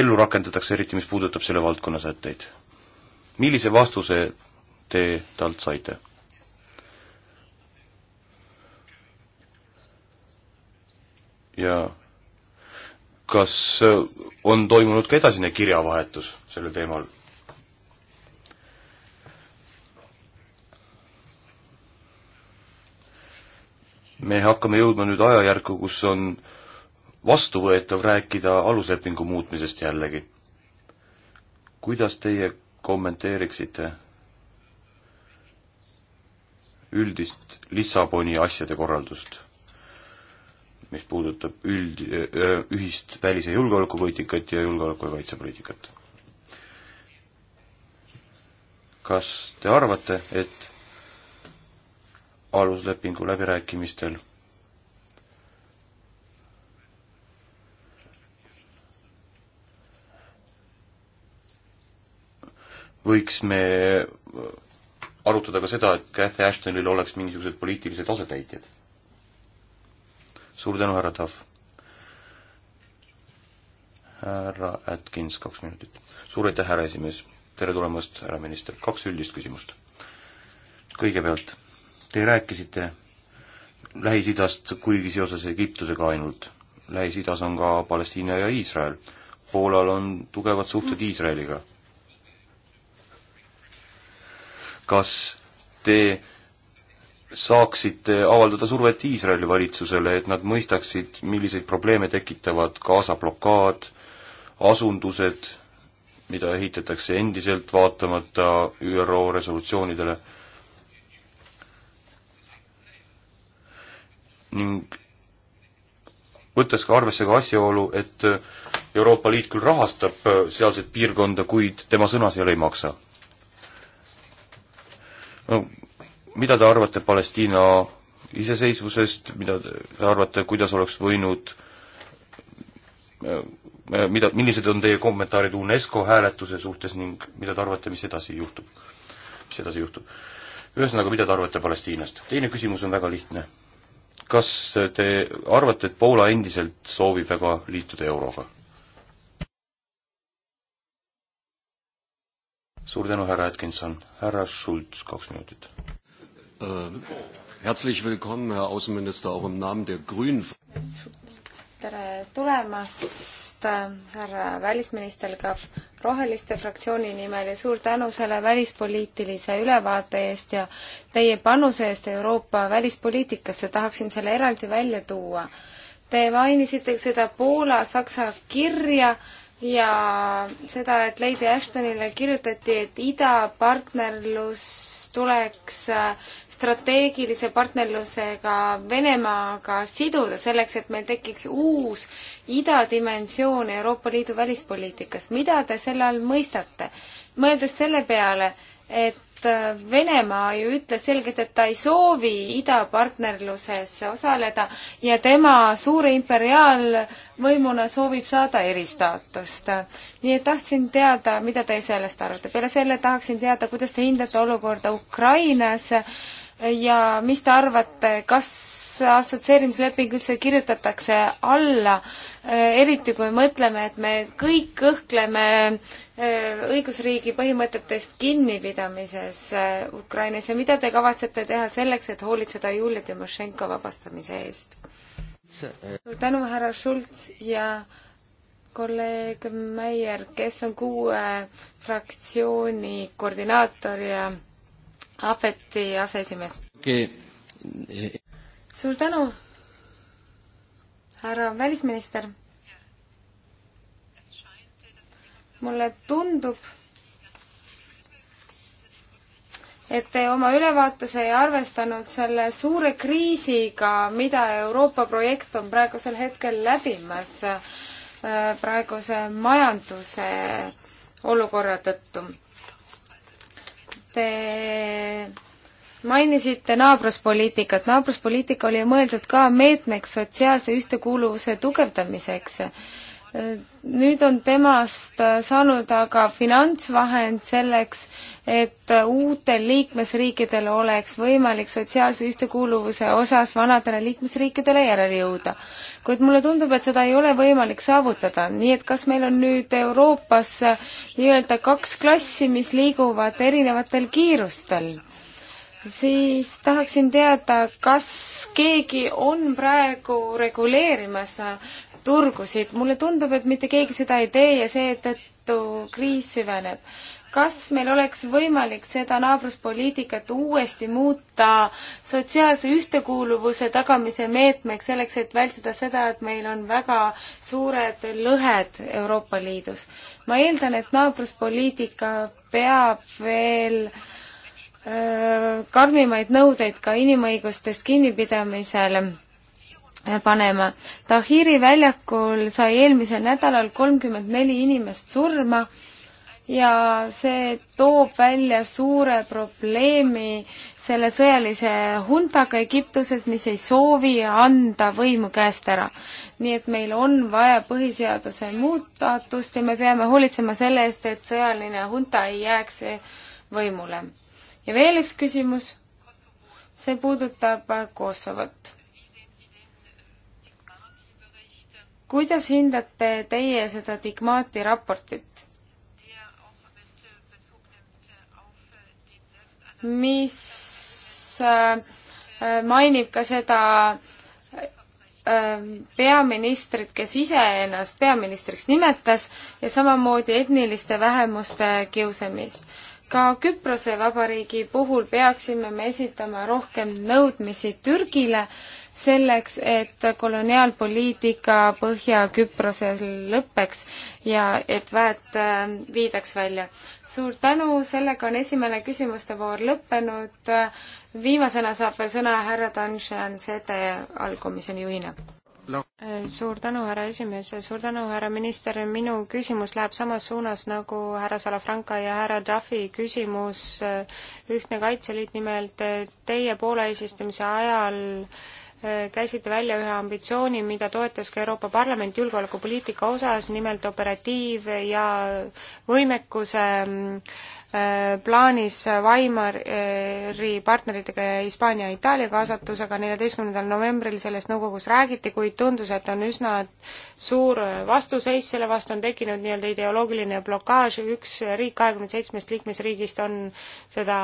ellu rakendatakse, eriti mis puudutab selle valdkonna sätteid. millise vastuse te talt saite? ja kas äh, on toimunud ka edasine kirjavahetus sellel teemal? me hakkame jõudma nüüd ajajärku, kus on vastuvõetav rääkida aluslepingu muutmisest jällegi. kuidas teie kommenteeriksite üldist Lissaboni asjade korraldust? mis puudutab üld, ühist välis- ja julgeolekupoliitikat ja julgeoleku- ja kaitsepoliitikat. kas te arvate, et aluslepingu läbirääkimistel võiks me arutada ka seda, et Cathy Ashtonil oleks mingisugused poliitilised asetäitjad suur tänu, härra Tahv. härra Atkins, kaks minutit. suur aitäh, härra esimees. tere tulemast, härra minister. kaks üldist küsimust. kõigepealt, te rääkisite Lähis-Idast kuigi seoses Egiptusega ainult. Lähis-Idas on ka Palestiina ja Iisrael. Poolal on tugevad suhted Iisraeliga. kas te saaksite avaldada survet Iisraeli valitsusele, et nad mõistaksid, milliseid probleeme tekitavad Gaza blokaad, asundused, mida ehitatakse endiselt vaatamata ÜRO resolutsioonidele ning võttes ka arvesse ka asjaolu, et Euroopa Liit küll rahastab sealset piirkonda, kuid tema sõna seal ei maksa no, mida te arvate Palestiina iseseisvusest, mida te arvate, kuidas oleks võinud äh, äh, mida, millised on teie kommentaarid UNESCO hääletuse suhtes ning mida te arvate, mis edasi juhtub? mis edasi juhtub? ühesõnaga, mida te arvate Palestiinast? teine küsimus on väga lihtne. kas te arvate, et Poola endiselt soovib väga liituda Euroga? suur tänu, härra Atkinson. härra Schultz, kaks minutit. Äh, herzlich willkommen, Herr Außenminister, auch im Namen der Grünen. tere tulemast, härra välisminister, ka Roheliste fraktsiooni nimel ja suur tänu selle välispoliitilise ülevaate eest ja teie panuse eest Euroopa välispoliitikasse, tahaksin selle eraldi välja tuua. Te mainisite seda Poola-Saksa kirja ja seda, et Lady Ashtonile kirjutati, et idapartnerlus tuleks strateegilise partnerlusega Venemaaga siduda, selleks et meil tekiks uus idadimensioon Euroopa Liidu välispoliitikas. mida te selle all mõistate? mõeldes selle peale, et äh, Venemaa ju ütles selgelt, et ta ei soovi idapartnerluses osaleda ja tema suure imperiaalvõimuna soovib saada eristaatust. nii et tahtsin teada, mida te sellest arvate. peale selle tahaksin teada, kuidas te hindate olukorda Ukrainas ja mis te arvate, kas assotsieerimisleping üldse kirjutatakse alla, äh, eriti kui mõtleme, et me kõik kõhkleme äh, õigusriigi põhimõtetest kinnipidamises äh, Ukrainas ja mida te kavatsete teha selleks, et hoolitseda Julia Timošenko vabastamise eest? suur tänu, härra Schultz ja kolleeg Meier, kes on kuue fraktsiooni koordinaator ja Afeti aseesimees okay.. suur tänu, härra välisminister. mulle tundub, et te oma ülevaates ei arvestanud selle suure kriisiga, mida Euroopa projekt on praegusel hetkel läbimas äh, praeguse majanduse olukorra tõttu Te mainisite naabruspoliitikat. naabruspoliitika oli mõeldud ka meetmeks sotsiaalse ühtekuuluvuse tugevdamiseks nüüd on temast saanud aga finantsvahend selleks, et uutel liikmesriikidel oleks võimalik sotsiaalse ühtekuuluvuse osas vanadele liikmesriikidele järele jõuda. kuid mulle tundub, et seda ei ole võimalik saavutada, nii et kas meil on nüüd Euroopas nii-öelda kaks klassi, mis liiguvad erinevatel kiirustel? siis tahaksin teada, kas keegi on praegu reguleerimas turgusid. mulle tundub, et mitte keegi seda ei tee ja seetõttu kriis süveneb. kas meil oleks võimalik seda naabruspoliitikat uuesti muuta sotsiaalse ühtekuuluvuse tagamise meetmeks, selleks et vältida seda, et meil on väga suured lõhed Euroopa Liidus? ma eeldan, et naabruspoliitika peab veel öö, äh, karmimaid nõudeid ka inimõigustest kinnipidamisel panema. Tahiri väljakul sai eelmisel nädalal kolmkümmend neli inimest surma ja see toob välja suure probleemi selle sõjalise huntaga Egiptuses, mis ei soovi anda võimu käest ära. nii et meil on vaja põhiseaduse muudatust ja me peame hoolitsema selle eest, et sõjaline hunta ei jääks võimule. ja veel üks küsimus, see puudutab Kosovot kuidas hindate teie seda Digmaati raportit? mis äh, mainib ka seda äh, peaministrit, kes ise ennast peaministriks nimetas ja samamoodi etniliste vähemuste kiusamist. ka Küprose Vabariigi puhul peaksime me esitama rohkem nõudmisi Türgile selleks, et koloniaalpoliitika Põhja-Küprosel lõpeks ja et väed äh, viidaks välja. suur tänu, sellega on esimene küsimuste voor lõppenud. viimasena saab veel sõna härra Danšan Sede allkomisjoni juhina no.. Äh, suur tänu, härra esimees, suur tänu, härra minister, minu küsimus läheb samas suunas nagu härra Salafranca ja härra Duffy küsimus äh, Ühtne Kaitseliit, nimelt teie Poola eesistumise ajal Äh, käisite välja ühe ambitsiooni, mida toetas ka Euroopa Parlament julgeolekupoliitika osas, nimelt operatiiv- ja võimekuse mm, äh, plaanis Weimari partneritega ja Hispaania ja Itaalia kaasatusega neljateistkümnendal novembril sellest nõukogus räägiti, kuid tundus, et on üsna suur vastuseis, selle vastu on tekkinud nii-öelda ideoloogiline blokaaž, üks riik kahekümne seitsmest liikmesriigist on seda,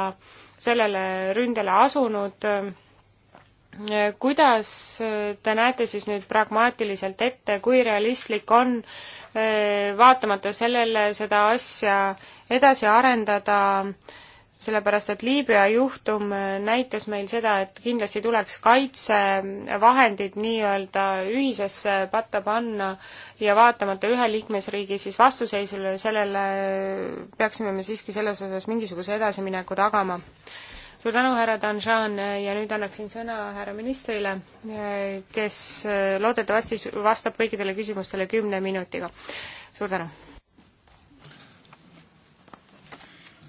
sellele ründele asunud kuidas äh, te näete siis nüüd pragmaatiliselt ette, kui realistlik on äh, vaatamata sellele seda asja edasi arendada, sellepärast et Liibüa juhtum äh, näitas meil seda, et kindlasti tuleks kaitsevahendid nii-öelda ühisesse patta panna ja vaatamata ühe liikmesriigi siis vastuseisule, sellele peaksime me siiski selles osas mingisuguse edasimineku tagama suur tänu, härra Danjan ja nüüd annaksin sõna härra ministrile, kes eh, loodetavasti vastab kõikidele küsimustele kümne minutiga. suur tänu.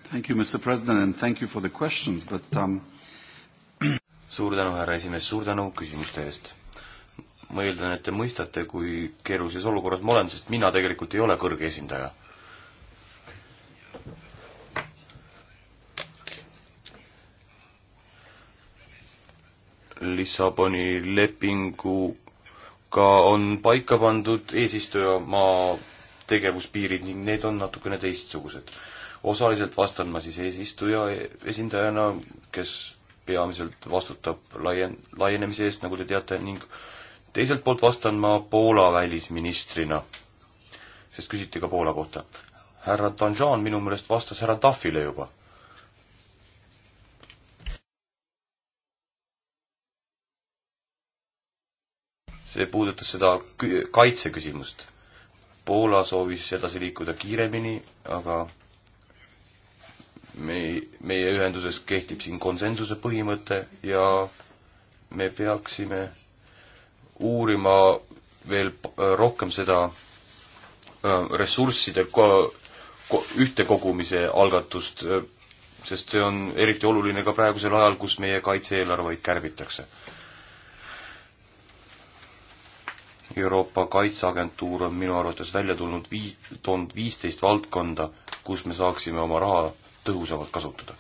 Thank you, Mr President and thank you for the questions, but um... suur tänu, härra esimees, suur tänu küsimuste eest. ma eeldan, et te mõistate, kui keerulises olukorras ma olen, sest mina tegelikult ei ole kõrge esindaja Lissaboni lepinguga on paika pandud eesistujamaa tegevuspiirid ning need on natukene teistsugused. osaliselt vastan ma siis eesistuja esindajana, kes peamiselt vastutab laien-, laienemise eest, nagu te teate, ning teiselt poolt vastan ma Poola välisministrina, sest küsiti ka Poola kohta. härra Danjan minu meelest vastas härra Tahvile juba see puudutas seda kaitseküsimust. Poola soovis edasi liikuda kiiremini, aga me, meie ühenduses kehtib siin konsensuse põhimõte ja me peaksime uurima veel rohkem seda äh, ressursside ko-, ko-, ühtekogumise algatust, äh, sest see on eriti oluline ka praegusel ajal, kus meie kaitse-eelarveid kärbitakse Euroopa Kaitseagentuur on minu arvates välja tulnud vii-, toonud viisteist valdkonda, kus me saaksime oma raha tõhusamalt kasutada.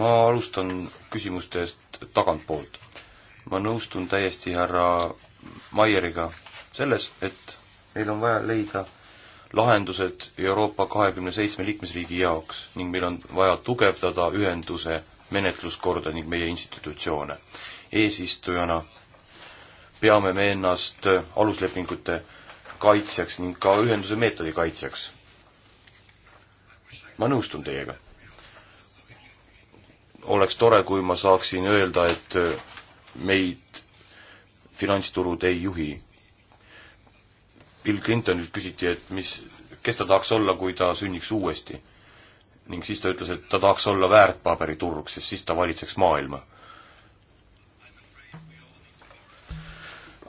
ma alustan küsimustest tagantpoolt. ma nõustun täiesti härra Maieriga selles, et meil on vaja leida lahendused Euroopa kahekümne seitsme liikmesriigi jaoks ning meil on vaja tugevdada ühenduse menetluskorda ning meie institutsioone. eesistujana peame me ennast aluslepingute kaitsjaks ning ka ühenduse meetodi kaitsjaks. ma nõustun teiega. oleks tore, kui ma saaksin öelda, et meid finantsturud ei juhi. Bill Clintonilt küsiti, et mis, kes ta tahaks olla, kui ta sünniks uuesti ning siis ta ütles, et ta tahaks olla väärtpaberiturg, sest siis ta valitseks maailma.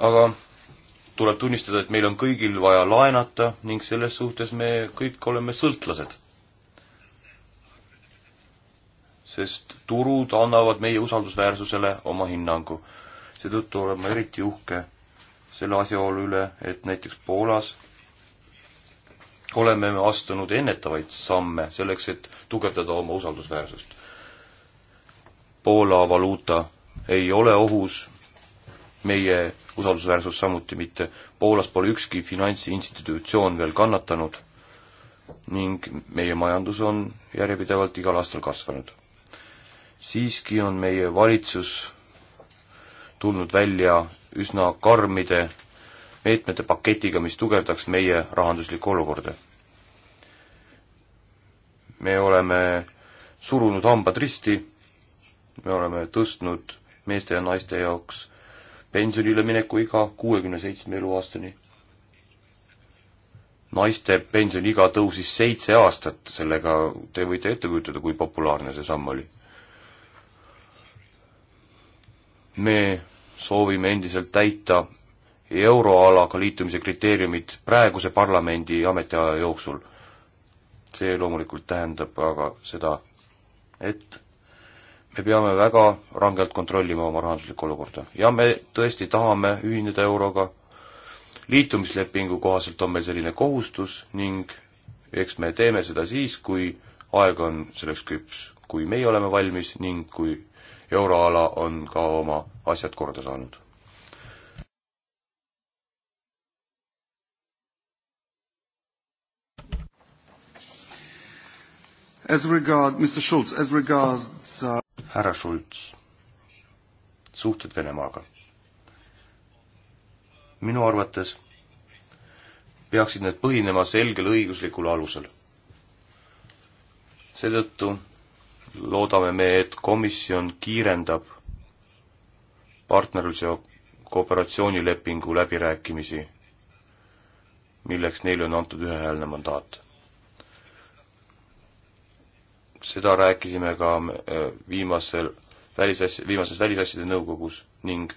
aga tuleb tunnistada, et meil on kõigil vaja laenata ning selles suhtes me kõik oleme sõltlased. sest turud annavad meie usaldusväärsusele oma hinnangu. seetõttu olen ma eriti uhke selle asjaolu üle, et näiteks Poolas oleme me astunud ennetavaid samme selleks, et tugevdada oma usaldusväärsust. Poola valuuta ei ole ohus, meie usaldusväärsus samuti mitte. Poolas pole ükski finantsinstitutsioon veel kannatanud ning meie majandus on järjepidevalt igal aastal kasvanud. siiski on meie valitsus tulnud välja üsna karmide meetmete paketiga, mis tugevdaks meie rahanduslikku olukorda. me oleme surunud hambad risti, me oleme tõstnud meeste ja naiste jaoks pensionile mineku iga kuuekümne seitsme eluaastani. naiste pensioniiga tõusis seitse aastat, sellega te võite ette kujutada, kui populaarne see samm oli. me soovime endiselt täita euroalaga liitumise kriteeriumid praeguse parlamendi ametiaja jooksul. see loomulikult tähendab aga seda, et me peame väga rangelt kontrollima oma rahanduslikku olukorda ja me tõesti tahame ühineda euroga, liitumislepingu kohaselt on meil selline kohustus ning eks me teeme seda siis, kui aeg on selleks küps, kui meie oleme valmis ning kui euroala on ka oma asjad korda saanud. As regard, Mr Schulz, as regards uh... härra Schulz, suhted Venemaaga. minu arvates peaksid need põhinema selgel õiguslikul alusel. seetõttu loodame me, et komisjon kiirendab partnerluse kooperatsioonilepingu läbirääkimisi, milleks neile on antud ühehäälne mandaat seda rääkisime ka äh, viimasel välisasj-, viimases Välisasjade Nõukogus ning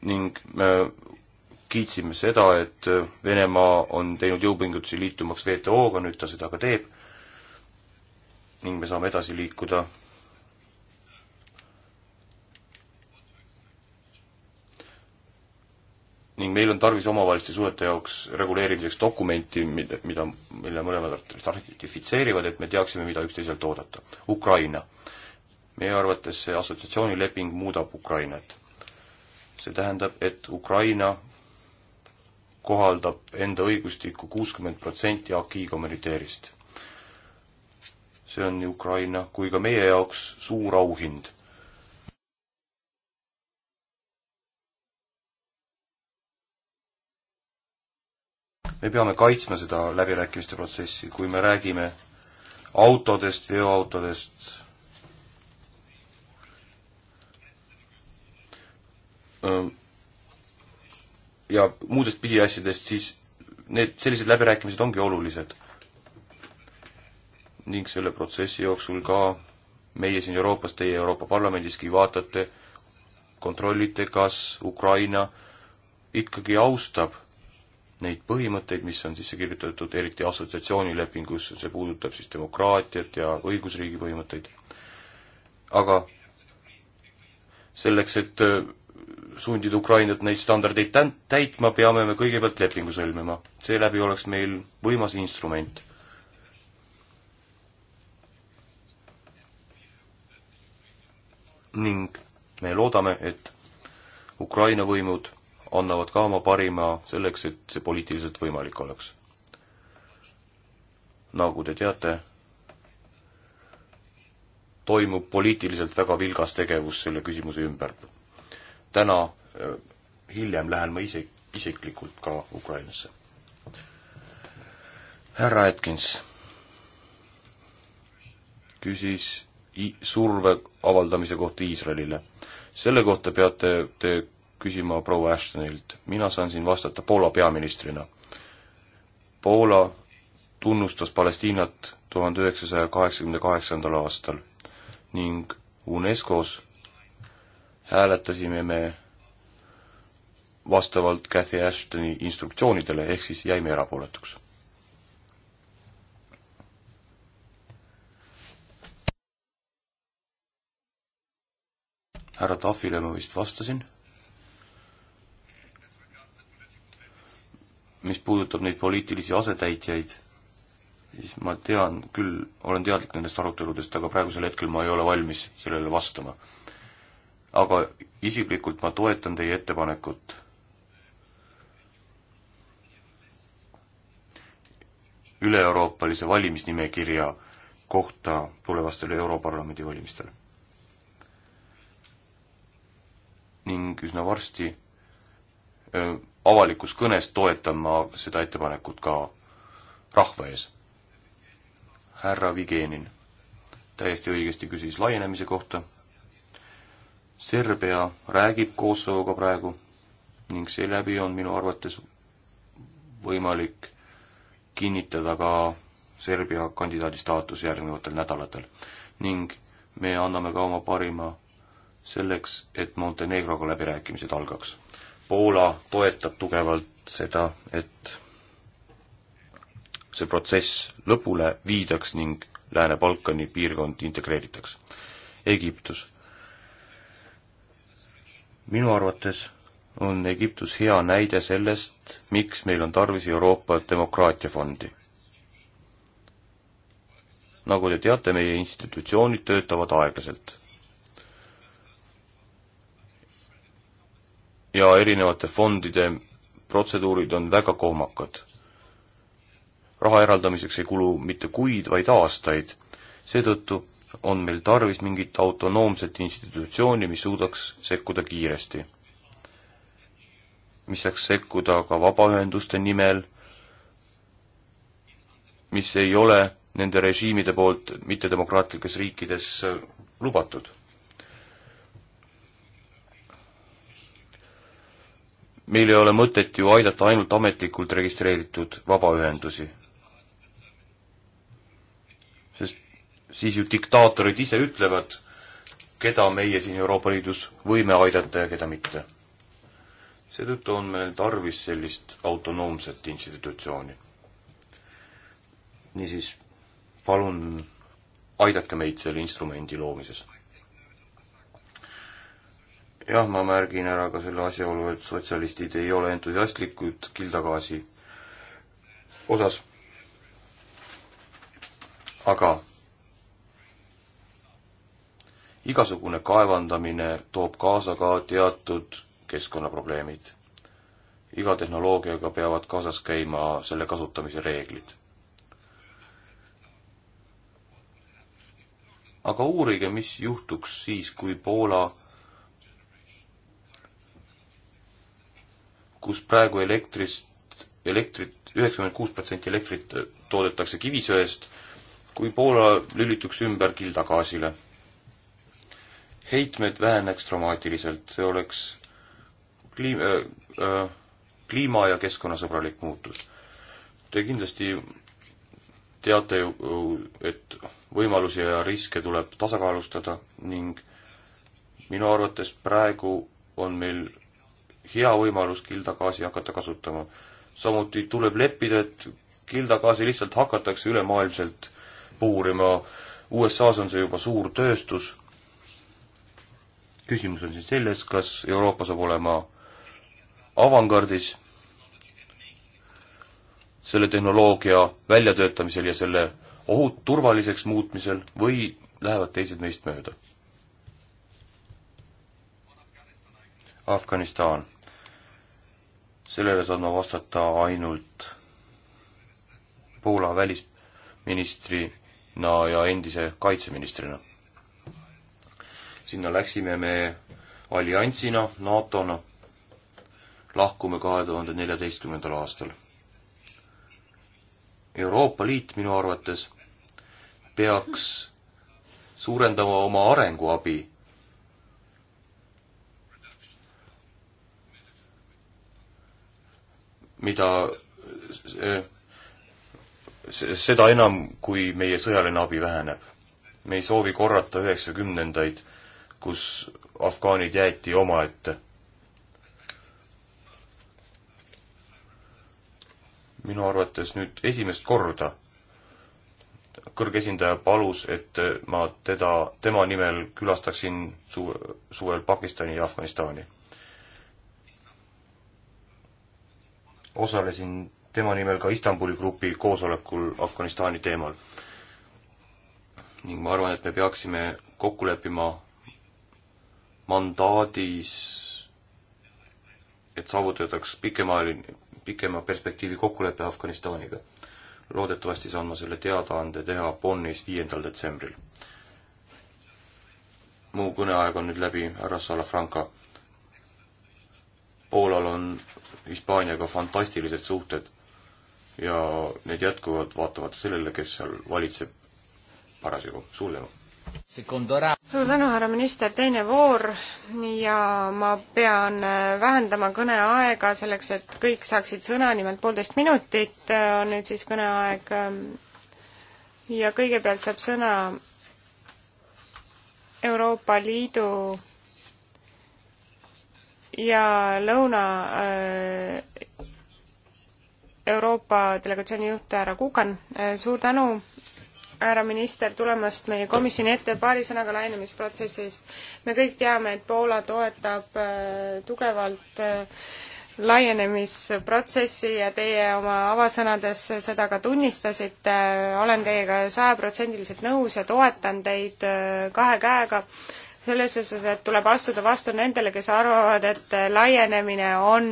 ning me kiitsime seda, et äh, Venemaa on teinud jõupingutusi liitumaks WTO-ga, nüüd ta seda ka teeb ning me saame edasi liikuda ning meil on tarvis omavaheliste suhete jaoks reguleerimiseks dokumenti, mida, mida, mille mõlemad ratifitseerivad, et me teaksime, mida üksteiselt oodata. Ukraina. meie arvates see assotsiatsioonileping muudab Ukrainat. see tähendab, et Ukraina kohaldab enda õigustikku kuuskümmend protsenti AKI kommuniteerist. see on nii Ukraina kui ka meie jaoks suur auhind me peame kaitsma seda läbirääkimiste protsessi, kui me räägime autodest, veoautodest, ähm, ja muudest pisiasjadest, siis need, sellised läbirääkimised ongi olulised. ning selle protsessi jooksul ka meie siin Euroopas, teie Euroopa Parlamendiski vaatate, kontrollite, kas Ukraina ikkagi austab neid põhimõtteid, mis on sisse kirjutatud, eriti assotsiatsioonilepingus, see puudutab siis demokraatiat ja õigusriigi põhimõtteid. aga selleks, et äh, sundida Ukrainat neid standardeid täitma, peame me kõigepealt lepingu sõlmima. seeläbi oleks meil võimas instrument. ning me loodame, et Ukraina võimud annavad ka oma parima selleks, et see poliitiliselt võimalik oleks. nagu te teate, toimub poliitiliselt väga vilgas tegevus selle küsimuse ümber. täna äh, hiljem lähen ma ise, isiklikult ka Ukrainasse. härra Atkins küsis surve avaldamise kohta Iisraelile. selle kohta peate te küsima proua Ashtonilt. mina saan siin vastata Poola peaministrina. Poola tunnustas Palestiinat tuhande üheksasaja kaheksakümne kaheksandal aastal ning UNESCO-s hääletasime me vastavalt Cathy Ashtoni instruktsioonidele, ehk siis jäime erapooletuks. härra Tahvile ma vist vastasin mis puudutab neid poliitilisi asetäitjaid, siis ma tean küll, olen teadlik nendest aruteludest, aga praegusel hetkel ma ei ole valmis sellele vastama. aga isiklikult ma toetan teie ettepanekut üle-euroopalise valimisnimekirja kohta tulevastel Europarlamendi valimistel. ning üsna varsti öö, äh, avalikus kõnes toetan ma seda ettepanekut ka rahva ees. härra Vigenin täiesti õigesti küsis laienemise kohta. Serbia räägib Kosovoga praegu ning seeläbi on minu arvates võimalik kinnitada ka Serbia kandidaadi staatus järgnevatel nädalatel ning me anname ka oma parima selleks, et Montenegroga läbirääkimised algaks. Poola toetab tugevalt seda, et see protsess lõpule viidaks ning Lääne-Balkani piirkond integreeritaks. Egiptus. minu arvates on Egiptus hea näide sellest, miks meil on tarvis Euroopa demokraatiafondi. nagu te teate, meie institutsioonid töötavad aeglaselt ja erinevate fondide protseduurid on väga kohmakad. raha eraldamiseks ei kulu mitte kuid, vaid aastaid. seetõttu on meil tarvis mingit autonoomset institutsiooni, mis suudaks sekkuda kiiresti. mis saaks sekkuda ka vabaühenduste nimel, mis ei ole nende režiimide poolt mittedemokraatlikes riikides lubatud meil ei ole mõtet ju aidata ainult ametlikult registreeritud vabaühendusi. sest siis ju diktaatorid ise ütlevad, keda meie siin Euroopa Liidus võime aidata ja keda mitte. seetõttu on meil tarvis sellist autonoomset institutsiooni. niisiis, palun aidake meid selle instrumendi loomises jah, ma märgin ära ka selle asjaolu, et sotsialistid ei ole entusiastlikud kildagaasi osas. aga igasugune kaevandamine toob kaasa ka teatud keskkonnaprobleemid. iga tehnoloogiaga peavad kaasas käima selle kasutamise reeglid. aga uurige, mis juhtuks siis, kui Poola kus praegu elektrist, elektrit, üheksakümmend kuus protsenti elektrit toodetakse kivisöest, kui Poola lülituks ümber kildagaasile. heitmed väheneks dramaatiliselt, see oleks kliim- äh,, äh kliima- ja keskkonnasõbralik muutus. Te kindlasti teate ju, et võimalusi ja riske tuleb tasakaalustada ning minu arvates praegu on meil hea võimalus kildagaasi hakata kasutama. samuti tuleb leppida, et kildagaasi lihtsalt hakatakse ülemaailmselt puurima. USA-s on see juba suur tööstus. küsimus on siis selles, kas Euroopa saab olema avangardis selle tehnoloogia väljatöötamisel ja selle ohut turvaliseks muutmisel või lähevad teised meist mööda? Afganistan sellele saan ma vastata ainult Poola välisministrina ja endise kaitseministrina. sinna läksime me alliansina, NATO-na, lahkume kahe tuhande neljateistkümnendal aastal. Euroopa Liit minu arvates peaks suurendama oma arenguabi mida seda enam, kui meie sõjaline abi väheneb. me ei soovi korrata üheksakümnendaid, kus afgaanid jäeti omaette. minu arvates nüüd esimest korda kõrge esindaja palus, et ma teda, tema nimel külastaksin su-, suvel Pakistani ja Afganistani osalesin tema nimel ka Istanbuli grupi koosolekul Afganistani teemal. ning ma arvan, et me peaksime kokku leppima mandaadis, et saavutataks pikemaajaline, pikema perspektiivi kokkulepe Afganistaniga. loodetavasti saan ma selle teadaande teha Bonnis viiendal detsembril. mu kõneaeg on nüüd läbi, härra Salafranca Poolal on Hispaaniaga fantastilised suhted ja need jätkuvad vaatamata sellele, kes seal valitseb parasjagu. suur tänu! suur tänu, härra minister, teine voor ja ma pean äh, vähendama kõneaega selleks, et kõik saaksid sõna, nimelt poolteist minutit äh, on nüüd siis kõneaeg. Ähm, ja kõigepealt saab sõna Euroopa Liidu ja Lõuna äh, Euroopa delegatsiooni juht härra Kukan, äh, suur tänu, härra minister, tulemast meie komisjoni ette paari sõnaga laienemisprotsessist. me kõik teame, et Poola toetab äh, tugevalt laienemisprotsessi ja teie oma avasõnades seda ka tunnistasite, olen teiega sajaprotsendiliselt nõus ja toetan teid kahe käega selles osas, et tuleb astuda vastu nendele, kes arvavad, et laienemine on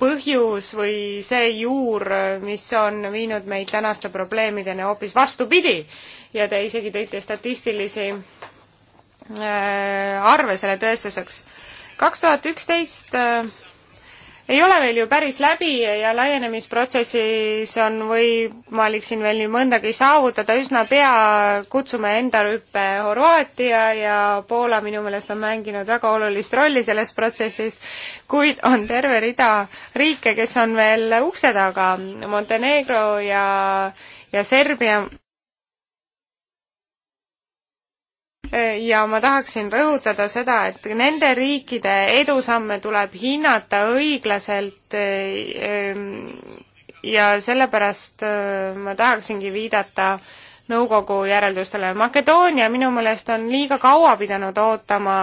põhjus või see juur, mis on viinud meid tänaste probleemideni, hoopis vastupidi. ja te isegi tõite statistilisi äh, arve selle tõestuseks. kaks tuhat üksteist äh, ei ole veel ju päris läbi ja laienemisprotsessis on võimalik siin veel nii mõndagi saavutada, üsna pea kutsume enda rüppe Horvaatia ja Poola minu meelest on mänginud väga olulist rolli selles protsessis, kuid on terve rida riike, kes on veel ukse taga, Montenegro ja, ja Serbia ja ma tahaksin rõhutada seda, et nende riikide edusamme tuleb hinnata õiglaselt ehm, ja sellepärast ehm, ma tahaksingi viidata nõukogu järeldustele. Makedoonia minu meelest on liiga kaua pidanud ootama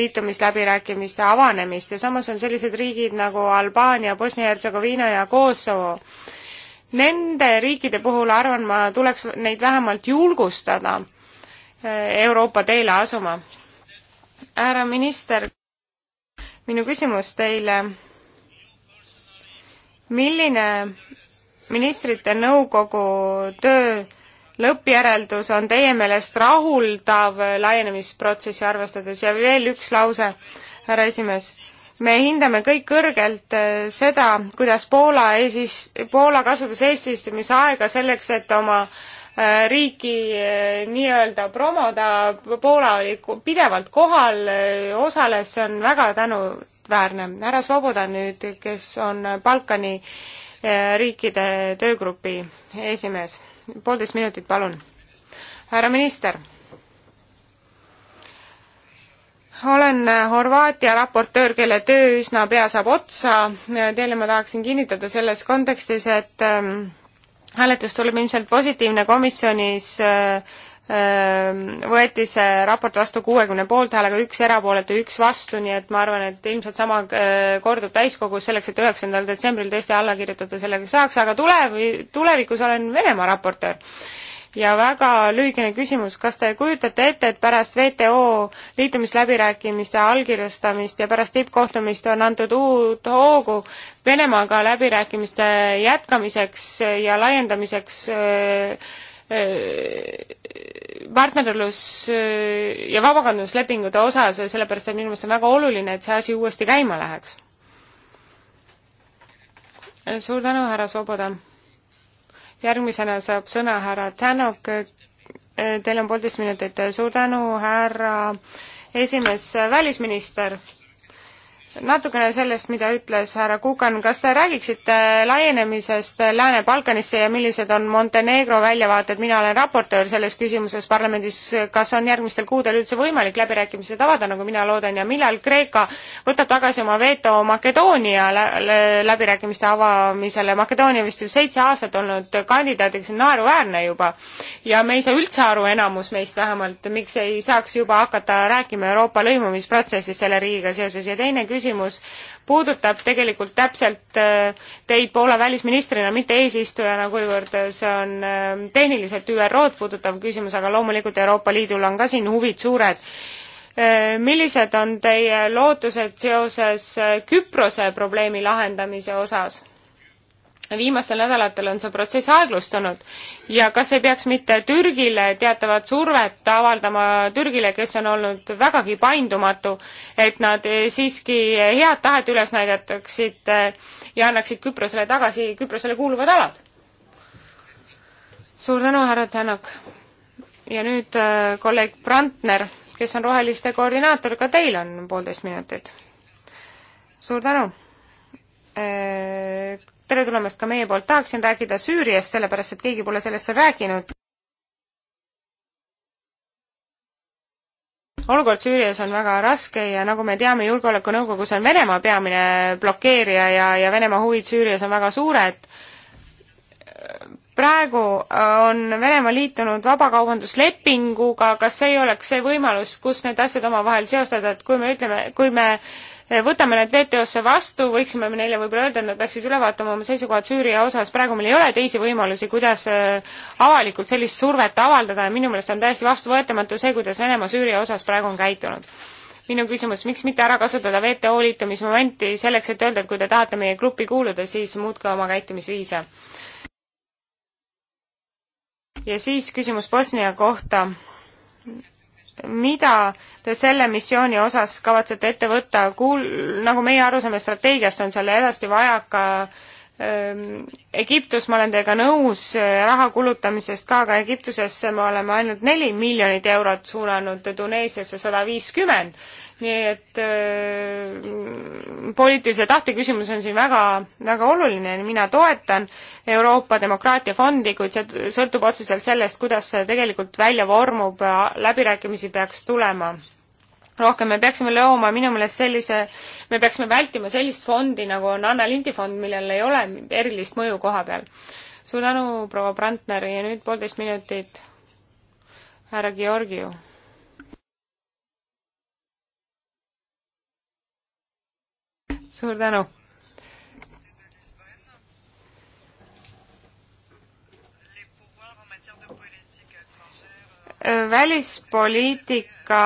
liitumisläbirääkimiste avanemist ja samas on sellised riigid nagu Albaania, Bosnia-Hertsegoviina ja Kosovo. Nende riikide puhul arvan ma, tuleks neid vähemalt julgustada Euroopa teele asuma. härra minister, minu küsimus teile. milline ministrite nõukogu töö lõppjäreldus on teie meelest rahuldav laienemisprotsessi arvestades ja veel üks lause, härra esimees. me hindame kõik kõrgelt äh, seda, kuidas Poola eesis-, Poola kasutas eesistumise aega selleks, et oma äh, Äh, riiki äh, nii-öelda promoda. Poola oli pidevalt kohal, äh, osales, see on väga tänuväärne. härra Svoboda nüüd, kes on Balkani riikide töögrupi esimees. poolteist minutit, palun. härra minister olen Horvaatia raportöör, kelle töö üsna pea saab otsa. Teile ma tahaksin kinnitada selles kontekstis, et ähm, hääletus tuleb ilmselt positiivne, komisjonis äh, äh, võeti see raport vastu kuuekümne poolthäälega, üks erapooletu, üks vastu, nii et ma arvan, et ilmselt sama äh, kordub täiskogus selleks, et üheksandal detsembril tõesti alla kirjutada selleks ajaks, aga tulevi-, tulevikus olen Venemaa raportöör ja väga lühikene küsimus, kas te kujutate ette, et pärast WTO liitumisläbirääkimiste allkirjastamist ja pärast tippkohtumist on antud uut hoogu Venemaaga läbirääkimiste jätkamiseks ja laiendamiseks partnerlus- ja vabakaubanduslepingute osas, sellepärast et minu meelest on väga oluline, et see asi uuesti käima läheks. suur tänu, härra Svoboda järgmisena saab sõna härra Tänok. Teil on poolteist minutit. suur tänu, härra esimees, välisminister natukene sellest, mida ütles härra Kukan, kas te räägiksite laienemisest Lääne-Balkanisse ja millised on Montenegro väljavaated, mina olen raportöör selles küsimuses parlamendis, kas on järgmistel kuudel üldse võimalik läbirääkimised avada, nagu mina loodan, ja millal Kreeka võtab tagasi oma veto Makedoonia läbirääkimiste avamisele, Makedoonia vist ju seitse aastat olnud kandidaadiks, naeruväärne juba. ja me ei saa üldse aru, enamus meist vähemalt, miks ei saaks juba hakata rääkima Euroopa lõimumisprotsessist selle riigiga seoses ja teine küsimus, küsimus puudutab tegelikult täpselt äh, teid Poola välisministrina, mitte eesistujana, kuivõrd äh, see on äh, tehniliselt ÜRO-d puudutav küsimus, aga loomulikult Euroopa Liidul on ka siin huvid suured millised on teie lootused seoses Küprose probleemi lahendamise osas? viimastel nädalatel on see protsess aeglustunud ja kas ei peaks mitte Türgile teatavat survet avaldama Türgile, kes on olnud vägagi paindumatu, et nad siiski head tahet üles näidataksid ja annaksid Küprosele tagasi Küprosele kuuluvad alad? suur tänu, härra Tänak. ja nüüd äh, kolleeg Brandner, kes on Roheliste koordinaator, ka teil on poolteist minutit. suur tänu äh, tere tulemast ka meie poolt, tahaksin rääkida Süüriast, sellepärast et keegi pole sellest veel rääkinud. olukord Süürias on väga raske ja nagu me teame, Julgeolekunõukogus on Venemaa peamine blokeerija ja, ja Venemaa huvid Süürias on väga suured. praegu äh, on Venemaa liitunud vabakaubanduslepinguga, kas see ei oleks see võimalus, kus need asjad omavahel seostada, et kui me ütleme, kui me äh, Eh, võtame need WTO-sse vastu, võiksime me neile võib-olla öelda, et nad peaksid üle vaatama oma seisukohad Süüria osas, praegu meil ei ole teisi võimalusi, kuidas eh, avalikult sellist survet avaldada ja minu meelest on täiesti vastuvõetamatu see, kuidas Venemaa Süüria osas praegu on käitunud minu küsimus, miks mitte ära kasutada WTO liitumismomenti selleks, et öelda, et kui te tahate meie gruppi kuuluda, siis muutke oma käitumisviise. ja siis küsimus Bosnia kohta mida te selle missiooni osas kavatsete ette võtta, kuul-, nagu meie aru saame strateegiast, on seal edasi vajaka äh, Ehm, Egiptus, ma olen teiega nõus eh, raha kulutamisest ka, aga Egiptusesse me oleme ainult neli miljonit eurot suunanud, Tuneesiasse sada viiskümmend. nii et äh, poliitilise tahte küsimus on siin väga, väga oluline, mina toetan Euroopa Demokraatiafondi, kuid see sõltub otseselt sellest, kuidas see tegelikult välja vormub, läbirääkimisi peaks tulema rohkem, me peaksime looma minu meelest sellise, me peaksime vältima sellist fondi, nagu on Anna Lindi fond, millel ei ole erilist mõju koha peal. suur tänu, proua Brandner ja nüüd poolteist minutit härra Georgiu. suur tänu. välispoliitika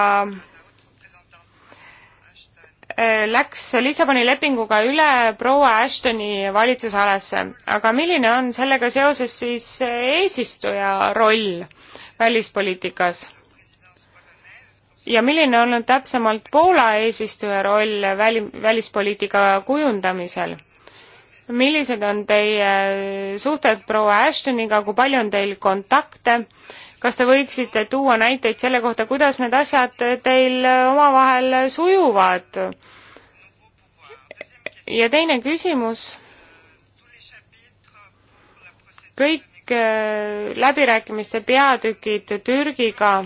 Äh, läks Lissaboni lepinguga üle proua Ashtoni valitsusalasse, aga milline on sellega seoses siis eesistuja roll välispoliitikas? ja milline on täpsemalt Poola eesistuja roll väli, välispoliitika kujundamisel? millised on teie suhted proua Ashtoniga, kui palju on teil kontakte kas te võiksite tuua näiteid selle kohta, kuidas need asjad teil omavahel sujuvad? ja teine küsimus. kõik äh, läbirääkimiste peatükid Türgiga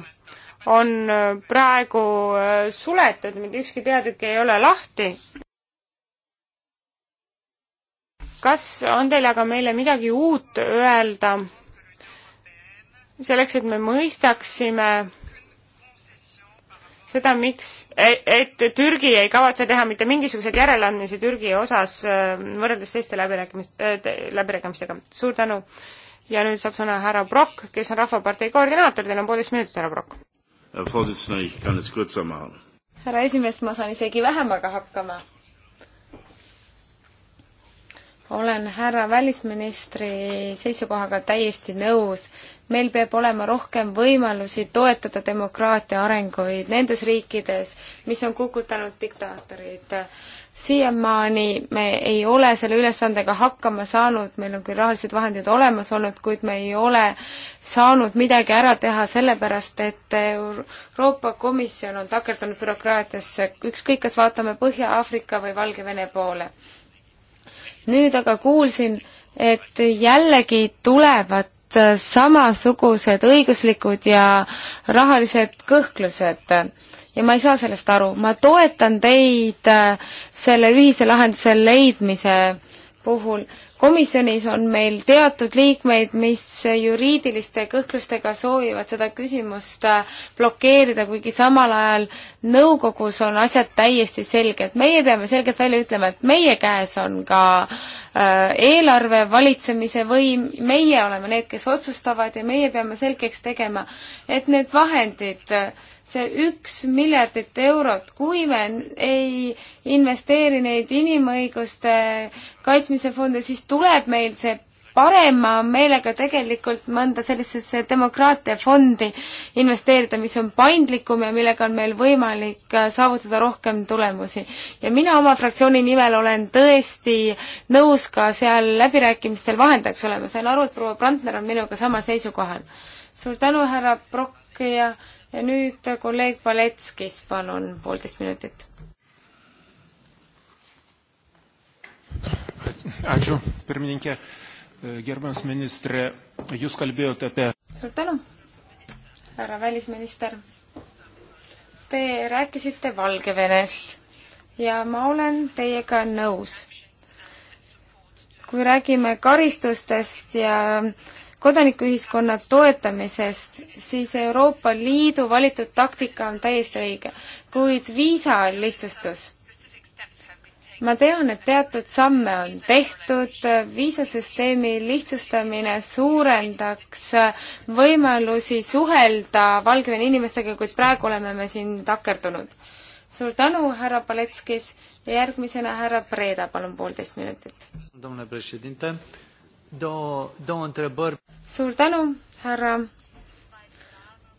on äh, praegu äh, suletud, mitte ükski peatükk ei ole lahti. kas on teil aga meile midagi uut öelda? selleks, et me mõistaksime seda, miks, et Türgi ei kavatse teha mitte mingisuguseid järeleandmisi Türgi osas äh, võrreldes teiste läbirääkimist- äh,, läbirääkimistega. suur tänu! ja nüüd saab sõna härra Brock, kes on Rahvapartei koordinaator, teil on poolteist minutit, härra Brock. härra esimees, ma saan isegi vähemaga hakkama olen härra välisministri seisukohaga täiesti nõus. meil peab olema rohkem võimalusi toetada demokraatia arenguid nendes riikides, mis on kukutanud diktaatorid. siiamaani me ei ole selle ülesandega hakkama saanud, meil on küll rahalised vahendid olemas olnud, kuid me ei ole saanud midagi ära teha, sellepärast et Euroopa Komisjon on takerdunud bürokraatiasse, ükskõik, kas vaatame Põhja-Aafrika või Valgevene poole nüüd aga kuulsin, et jällegi tulevad samasugused õiguslikud ja rahalised kõhklused ja ma ei saa sellest aru. ma toetan teid selle ühise lahenduse leidmise puhul, komisjonis on meil teatud liikmeid, mis juriidiliste kõhklustega soovivad seda küsimust äh, blokeerida, kuigi samal ajal nõukogus on asjad täiesti selged. meie peame selgelt välja ütlema, et meie käes on ka äh, eelarve valitsemise võim, meie oleme need, kes otsustavad ja meie peame selgeks tegema, et need vahendid, äh, see üks miljardit eurot, kui me ei investeeri neid inimõiguste kaitsmise fonde, siis tuleb meil see parema meelega tegelikult mõnda sellisesse demokraatia fondi investeerida, mis on paindlikum ja millega on meil võimalik äh, saavutada rohkem tulemusi. ja mina oma fraktsiooni nimel olen tõesti nõus ka seal läbirääkimistel vahendajaks olema, sain aru, et proua Brandner on minuga samal seisukohal. suur tänu, härra Prokk ja ja nüüd äh, kolleeg Paletskis, palun, poolteist minutit. ačiū, pirmininkė. E, gerbiamas ministrė, jūs kalbėjote apie. suur tänu, härra välisminister. Te rääkisite Valgevenest ja ma olen teiega nõus. kui räägime karistustest ja äh, kodanikuühiskonna toetamisest, siis Euroopa Liidu valitud taktika on täiesti õige, kuid viisa lihtsustus. ma tean, et teatud samme on tehtud, viisasüsteemi lihtsustamine suurendaks võimalusi suhelda Valgevene inimestega, kuid praegu oleme me siin takerdunud. suur tänu, härra Paletskis ja järgmisena härra Preeda, palun poolteist minutit două, două întrebări. suur tänu, härra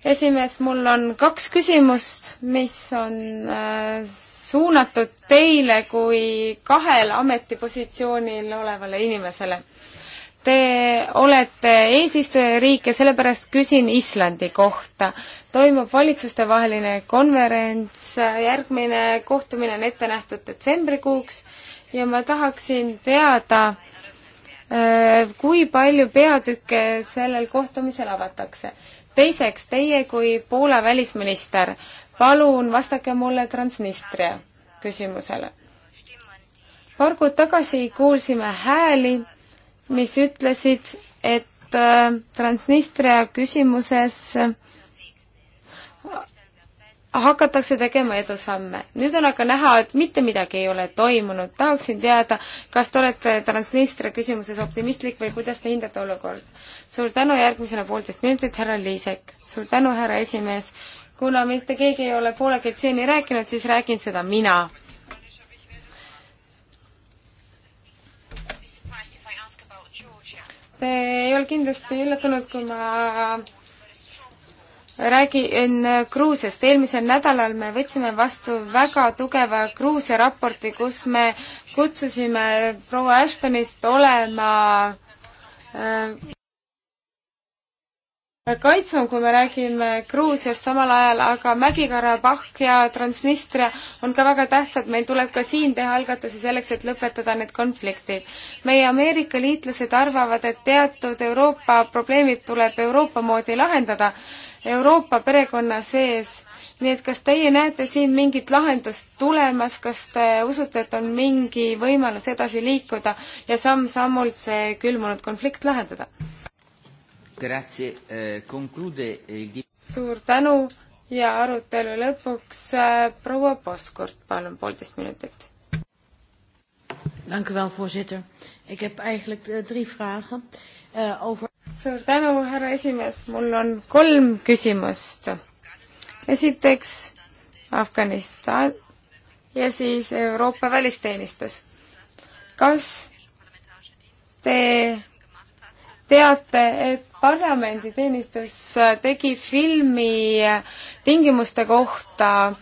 esimees, mul on kaks küsimust, mis on äh, suunatud teile kui kahel ametipositsioonil olevale inimesele. Te olete eesistujariik ja sellepärast küsin Islandi kohta. toimub valitsustevaheline konverents, järgmine kohtumine on ette nähtud detsembrikuuks ja ma tahaksin teada, Äh, kui palju peatükke sellel kohtumisel avatakse? teiseks, teie kui Poola välisminister, palun vastake mulle Transnistria küsimusele. paar kuud tagasi kuulsime hääli, mis ütlesid, et äh, Transnistria küsimuses äh, hakatakse tegema edusamme. nüüd on aga näha, et mitte midagi ei ole toimunud. tahaksin teada, kas te olete Transnistria küsimuses optimistlik või kuidas te hindate olukorda? suur tänu, järgmisena poolteist minutit, härra Liisek. suur tänu, härra esimees. kuna mitte keegi ei ole poolekalt siiani rääkinud, siis räägin seda mina. Te ei ole kindlasti üllatunud, kui ma räägin äh, Gruusiast. eelmisel nädalal me võtsime vastu väga tugeva Gruusia raporti, kus me kutsusime proua Ashtonit olema äh, kaitsvam, kui me räägime Gruusiast samal ajal, aga Mägi-Karabahh ja Transnistria on ka väga tähtsad, meil tuleb ka siin teha algatusi selleks, et lõpetada need konfliktid. meie Ameerika liitlased arvavad, et teatud Euroopa probleemid tuleb Euroopa moodi lahendada Euroopa perekonna sees. nii et kas teie näete siin mingit lahendust tulemas, kas te usute, et on mingi võimalus edasi liikuda ja samm-sammult see külmunud konflikt lahendada? Eh, suur tänu ja arutelu lõpuks eh, proua Poskurt, palun poolteist minutit. Dank u wel, voorzitter. Ik heb eigenlijk uh, drie vragen. Uh, Äh, over... suur tänu, härra esimees, mul on kolm küsimust. esiteks Afganistan ja siis Euroopa välisteenistus. kas te teate, et parlamenditeenistus tegi filmi tingimuste kohta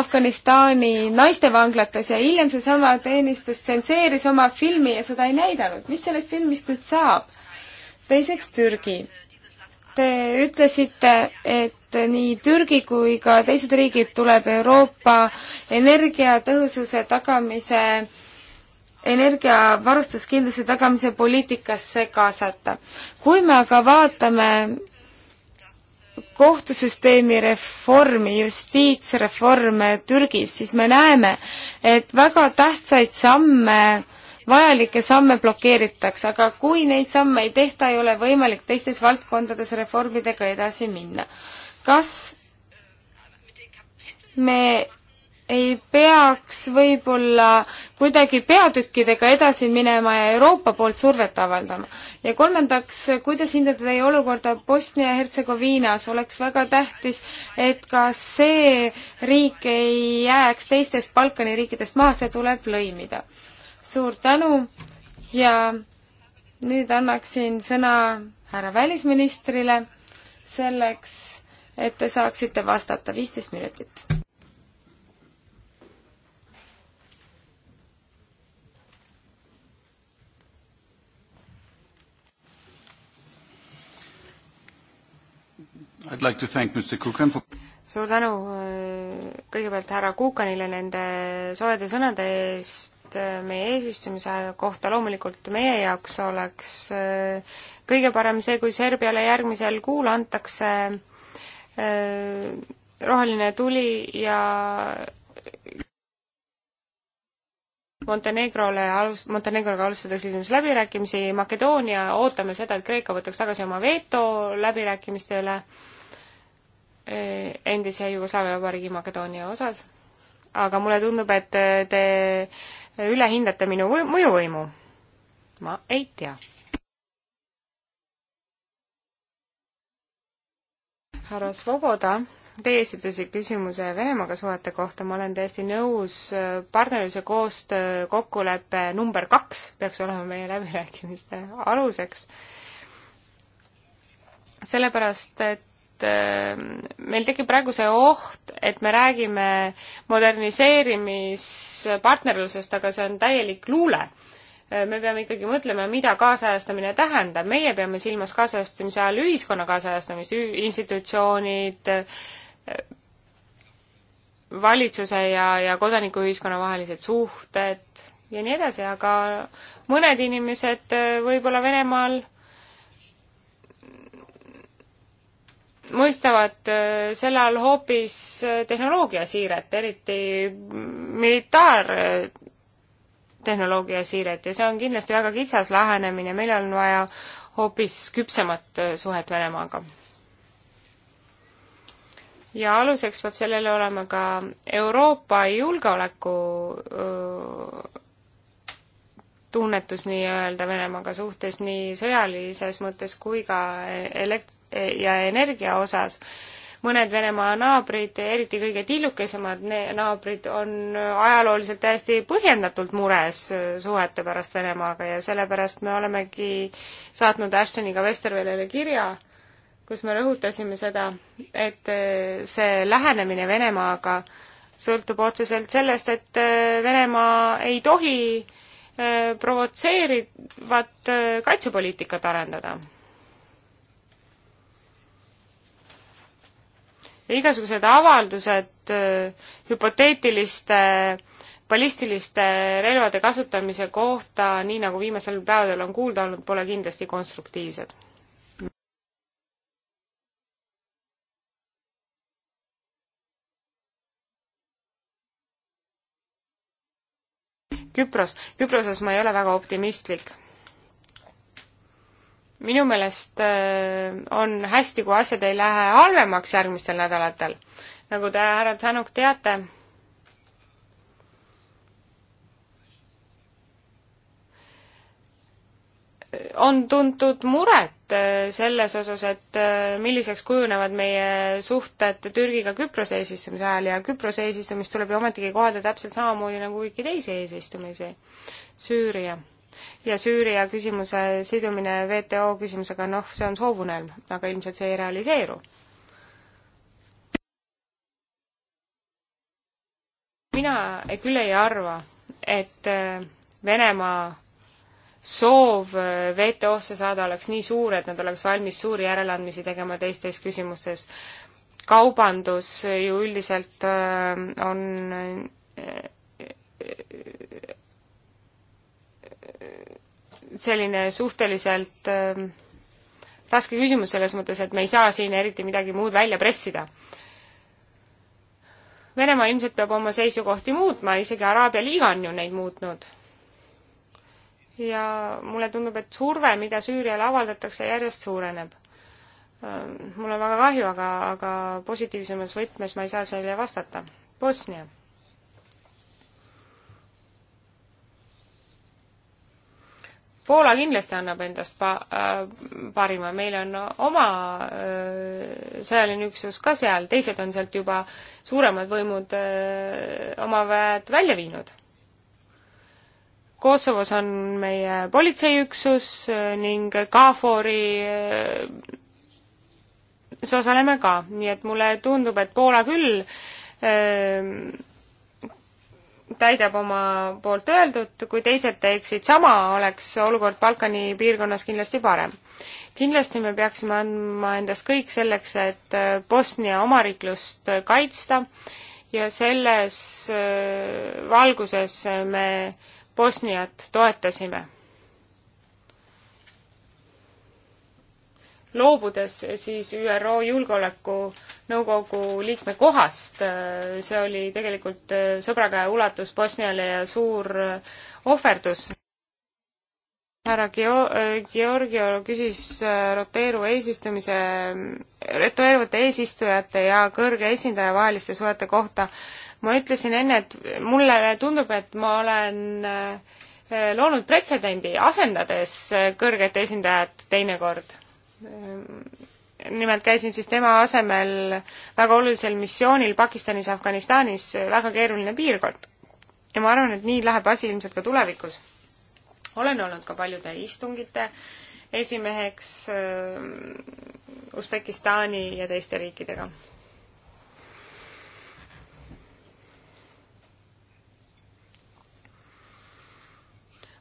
Afganistani naistevanglates ja hiljem seesama teenistus tsenseeris oma filmi ja seda ei näidanud. mis sellest filmist nüüd saab? teiseks Türgi. Te ütlesite, et nii Türgi kui ka teised riigid tuleb Euroopa energiatõhususe tagamise, energiavarustuskindluse tagamise poliitikasse kaasata. kui me aga vaatame kohtusüsteemi reformi, justiitsreforme Türgis, siis me näeme, et väga tähtsaid samme äh, vajalikke samme blokeeritakse, aga kui neid samme ei tehta, ei ole võimalik teistes valdkondades reformidega edasi minna. kas me ei peaks võib-olla kuidagi peatükkidega edasi minema ja Euroopa poolt survet avaldama. ja kolmandaks, kuidas hindate teie olukorda Bosnia-Hertsegoviinas, oleks väga tähtis, et ka see riik ei jääks teistest Balkani riikidest maha, see tuleb lõimida suur tänu ja nüüd annaksin sõna härra välisministrile selleks, et te saaksite vastata viisteist minutit. I'd like to thank Mr Kukan for suur tänu äh, kõigepealt härra Kukanile nende soojade sõnade eest mõtteid äh, meie eesistumise kohta, loomulikult meie jaoks oleks äh, kõige parem see, kui Serbiale järgmisel kuul antakse äh, roheline tuli ja Montenegrole alus, Montenegroga alustatakse siis läbirääkimisi, Makedoonia, ootame seda, et Kreeka võtaks tagasi oma veto läbirääkimiste üle endise Jugoslaavia vabariigi Makedoonia osas. aga mulle tundub, et te üle hindate minu mõjuvõimu? ma ei tea. härra Svoboda, teie esitasite küsimuse Venemaaga suhete kohta, ma olen täiesti nõus, äh, partnerluse koostöö kokkulepe number kaks peaks olema meie läbirääkimiste aluseks. sellepärast, et Äh, meil tekib praegu see oht, et me räägime moderniseerimispartnerlusest, aga see on täielik luule. Äh, me peame ikkagi mõtlema, mida kaasajastamine tähendab, meie peame silmas kaasajastamise ajal ühiskonna kaasajastamist, institutsioonid, äh, valitsuse ja, ja kodanikuühiskonna vahelised suhted ja nii edasi, aga mõned inimesed võib-olla Venemaal mõistavad äh, selle all hoopis äh, tehnoloogiasiiret, eriti militaartehnoloogiasiiret ja see on kindlasti väga kitsas lähenemine, meil on vaja hoopis küpsemat äh, suhet Venemaaga. ja aluseks peab sellele olema ka Euroopa julgeoleku tunnetus nii-öelda Venemaaga suhtes nii sõjalises mõttes kui ka elekt-, ja energia osas. mõned Venemaa naabrid, eriti kõige tillukesemad naabrid, on ajalooliselt täiesti põhjendatult mures suhete pärast Venemaaga ja sellepärast me olemegi saatnud Ashtoniga Vestervelele kirja, kus me rõhutasime seda, et äh, see lähenemine Venemaaga sõltub otseselt sellest, et äh, Venemaa ei tohi äh, provotseerivat kaitsepoliitikat arendada. igasugused avaldused äh, hüpoteetiliste ballistiliste relvade kasutamise kohta, nii nagu viimastel päevadel on kuulda olnud, pole kindlasti konstruktiivsed. Küpros, Küproses ma ei ole väga optimistlik minu meelest äh, on hästi, kui asjad ei lähe halvemaks järgmistel nädalatel. nagu te, härra Tanuk, teate, on tuntud muret äh, selles osas, et äh, milliseks kujunevad meie suhted Türgiga Küprose eesistumise ajal ja Küprose eesistumist tuleb ju ometigi kohelda täpselt samamoodi nagu kõiki teisi eesistumisi. Süüria ja Süüria küsimuse sidumine WTO küsimusega, noh, see on soovunelm, aga ilmselt see ei realiseeru. mina küll ei arva, et äh, Venemaa soov äh, WTO-sse saada oleks nii suur, et nad oleks valmis suuri järeleandmisi tegema teistes küsimustes. kaubandus ju üldiselt äh, on selline suhteliselt ähm, raske küsimus selles mõttes, et me ei saa siin eriti midagi muud välja pressida. Venemaa ilmselt peab oma seisukohti muutma, isegi Araabia liiga on ju neid muutnud. ja mulle tundub, et surve, mida Süüriale avaldatakse, järjest suureneb. Ähm, mul on väga kahju, aga, aga positiivsemas võtmes ma ei saa sellele vastata. Bosnia Poola kindlasti annab endast pa-, äh, parima, meil on oma äh, sõjaline üksus ka seal, teised on sealt juba suuremad võimud äh, oma väed välja viinud. Kosovos on meie politseiüksus ning KFOR-i osaleme ka, nii et mulle tundub, et Poola küll öö, täidab oma poolt öeldut, kui teised teeksid sama, oleks olukord Balkani piirkonnas kindlasti parem. kindlasti me peaksime andma endast kõik selleks, et äh, Bosnia omariiklust kaitsta ja selles äh, valguses me Bosniat toetasime loobudes siis ÜRO Julgeolekunõukogu liikme kohast. Äh, see oli tegelikult äh, sõbrakäe ulatus Bosniale ja suur äh, ohverdus. härra Georgio küsis roteeru eesistumise, roteeruvate eesistujate ja kõrge esindaja vaheliste suhete kohta. ma ütlesin enne, et mulle tundub, et ma olen loonud pretsedendi, asendades kõrget esindajat teinekord nimelt käisin siis tema asemel väga olulisel missioonil Pakistanis, Afganistanis, väga keeruline piirkond. ja ma arvan, et nii läheb asi ilmselt ka tulevikus. olen olnud ka paljude istungite esimeheks äh, Usbekistani ja teiste riikidega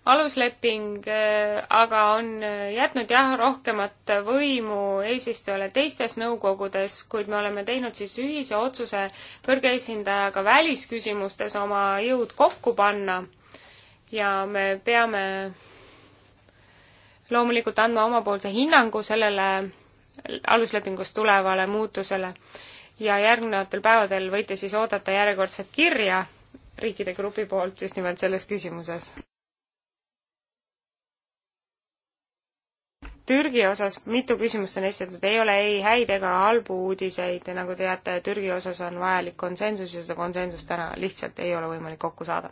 alusleping äh, aga on äh, jätnud jah, rohkemat võimu eesistujale teistes nõukogudes, kuid me oleme teinud siis ühise otsuse kõrge esindajaga välisküsimustes oma jõud kokku panna ja me peame loomulikult andma omapoolse hinnangu sellele aluslepingust tulevale muutusele. ja järgnevatel päevadel võite siis oodata järjekordset kirja riikide grupi poolt just nimelt selles küsimuses. Türgi osas mitu küsimust on esitatud, ei ole ei häid ega halbu uudiseid, nagu teate, Türgi osas on vajalik konsensus ja seda konsensust täna lihtsalt ei ole võimalik kokku saada.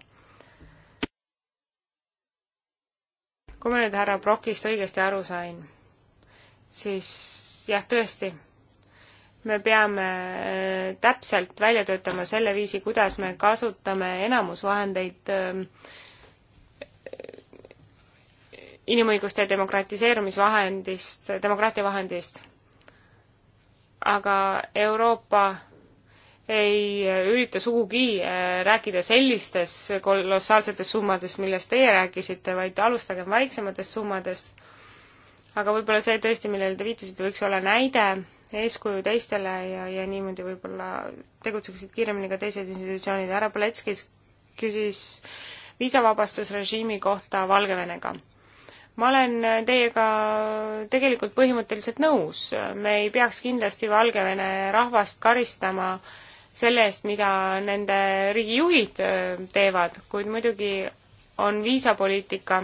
kui ma nüüd härra Brokist õigesti aru sain, siis jah, tõesti, me peame äh, täpselt välja töötama selle viisi, kuidas me kasutame enamusvahendeid äh, inimõiguste demokratiseerumisvahendist, demokraatia vahendist. aga Euroopa ei ürita sugugi äh, rääkida sellistes kolossaalsetes summadest, millest teie rääkisite, vaid alustagem väiksematest summadest. aga võib-olla see tõesti, millele te viitasite, võiks olla näide, eeskuju teistele ja, ja niimoodi võib-olla tegutseksid kiiremini ka teised institutsioonid. härra Paletskis küsis viisavabastusrežiimi kohta Valgevenega ma olen teiega tegelikult põhimõtteliselt nõus, me ei peaks kindlasti Valgevene rahvast karistama selle eest, mida nende riigijuhid äh, teevad, kuid muidugi on viisapoliitika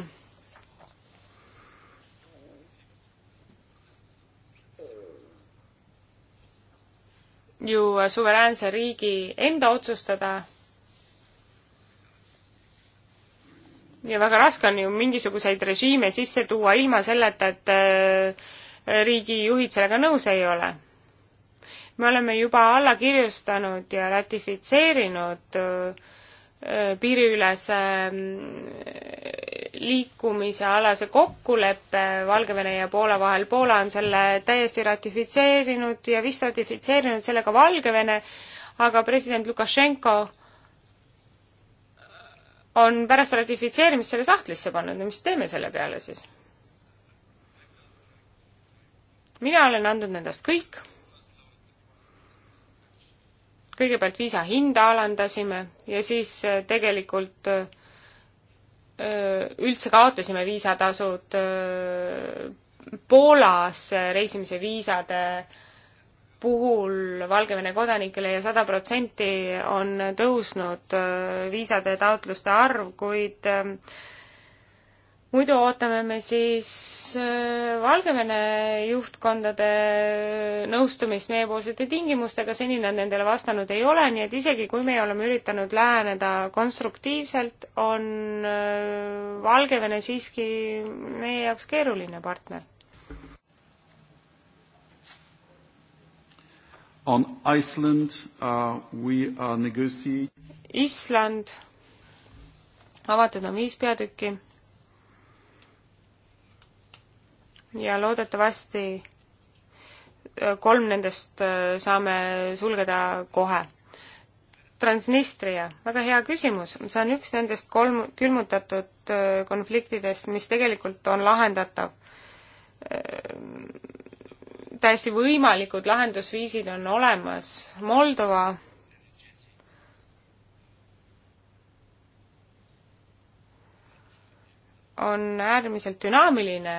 ju suveräänse riigi enda otsustada ja väga raske on ju mingisuguseid režiime sisse tuua ilma selleta, et äh, riigijuhid sellega nõus ei ole. me oleme juba alla kirjustanud ja ratifitseerinud äh, piiriülese mm, liikumise alase kokkuleppe Valgevene ja Poola vahel. Poola on selle täiesti ratifitseerinud ja vist ratifitseerinud selle ka Valgevene, aga president Lukašenko on pärast ratifitseerimist selle sahtlisse pannud ja mis teeme selle peale siis? mina olen andnud endast kõik. kõigepealt viisa hinda alandasime ja siis äh, tegelikult äh, üldse kaotasime viisatasud äh, Poolasse reisimise viisade äh, puhul Valgevene kodanikele ja sada protsenti on tõusnud äh, viisade taotluste arv, kuid äh, muidu ootame me siis äh, Valgevene juhtkondade nõustumist meiepoolsete tingimustega, seni nad nendele vastanud ei ole, nii et isegi kui me oleme üritanud läheneda konstruktiivselt, on Valgevene siiski meie jaoks keeruline partner On Iceland, uh, we are negotiating. Island, avatud on viis peatükki. ja loodetavasti äh, kolm nendest äh, saame sulgeda kohe. Transnistria, väga hea küsimus, see on üks nendest kolm külmutatud äh, konfliktidest, mis tegelikult on lahendatav täiesti võimalikud lahendusviisid on olemas. Moldova on äärmiselt dünaamiline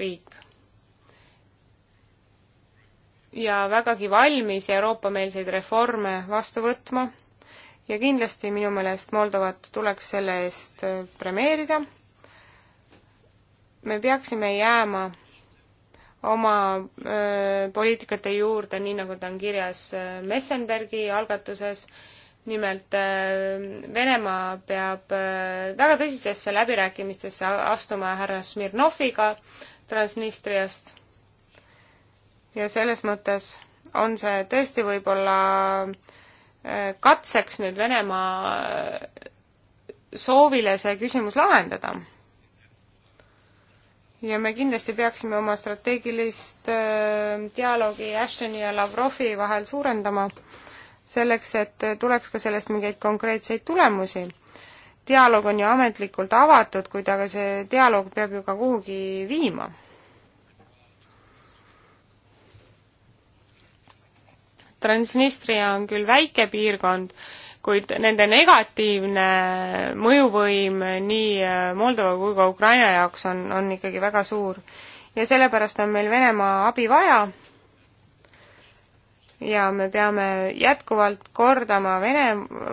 riik ja vägagi valmis Euroopa-meelseid reforme vastu võtma ja kindlasti minu meelest Moldovat tuleks selle eest premeerida. me peaksime jääma oma öö, poliitikate juurde, nii nagu ta on kirjas Messenbergi algatuses. nimelt Venemaa peab öö, väga tõsistesse läbirääkimistesse astuma härra Smirnoviga Transnistriast. ja selles mõttes on see tõesti võib-olla katseks nüüd Venemaa soovile see küsimus lahendada ja me kindlasti peaksime oma strateegilist äh, dialoogi Ashtoni ja Lavrovi vahel suurendama, selleks et tuleks ka sellest mingeid konkreetseid tulemusi. dialoog on ju ametlikult avatud, kuid aga see dialoog peab ju ka kuhugi viima. Transnistria on küll väike piirkond, kuid nende negatiivne mõjuvõim nii äh, Moldova kui ka Ukraina jaoks on, on ikkagi väga suur. ja sellepärast on meil Venemaa abi vaja ja me peame jätkuvalt kordama Vene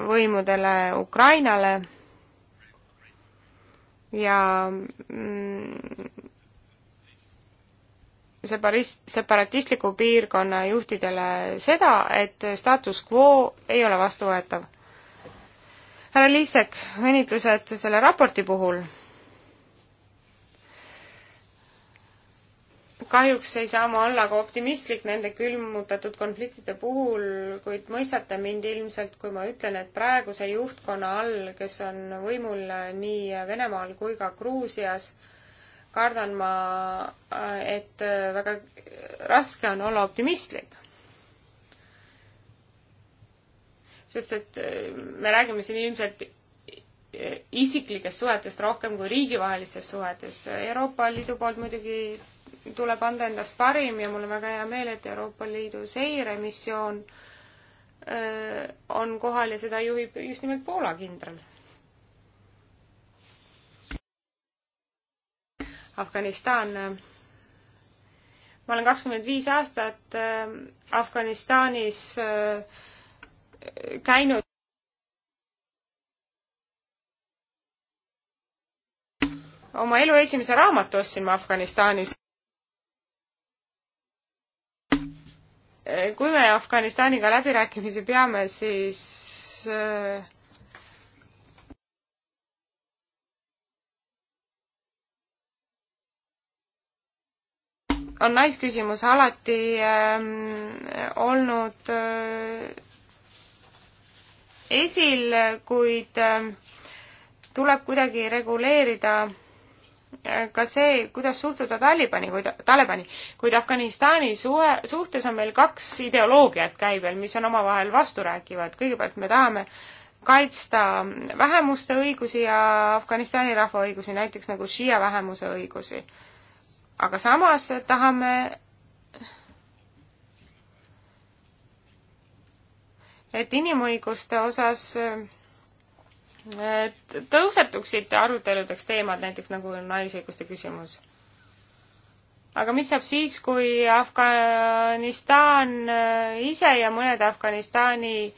võimudele Ukrainale ja mm, separist-, separatistliku piirkonna juhtidele seda, et status quo ei ole vastuvõetav härra Liisek, õnnitlused selle raporti puhul. kahjuks ei saa ma olla ka optimistlik nende külmutatud konfliktide puhul, kuid mõistate mind ilmselt, kui ma ütlen, et praeguse juhtkonna all, kes on võimul nii Venemaal kui ka Gruusias, kardan ma, et väga raske on olla optimistlik sest et eh, me räägime siin ilmselt eh, isiklikest suhetest rohkem kui riigivahelistest suhetest. Euroopa Liidu poolt muidugi tuleb anda endast parim ja mul on väga hea meel, et Euroopa Liidu seiremissioon eh, on kohal ja seda juhib just nimelt Poola kindral. Afganistan. ma olen kakskümmend viis aastat Afganistanis äh, käinud oma elu esimese raamatu ostsin ma Afganistanis. kui me Afganistaniga läbirääkimisi peame, siis äh, on naisküsimus alati ähm, olnud äh, esil, kuid äh, tuleb kuidagi reguleerida äh, ka see, kuidas suhtuda Talibani, kuid, Talibani, kuid Afganistani suhe, suhtes on meil kaks ideoloogiat käibel, mis on omavahel vasturääkivad. kõigepealt me tahame kaitsta vähemuste õigusi ja Afganistani rahva õigusi, näiteks nagu šiia vähemuse õigusi. aga samas tahame et inimõiguste osas tõusetuksid aruteludeks teemad, näiteks nagu naisõiguste küsimus. aga mis saab siis, kui Afganistan äh, ise ja mõned Afganistani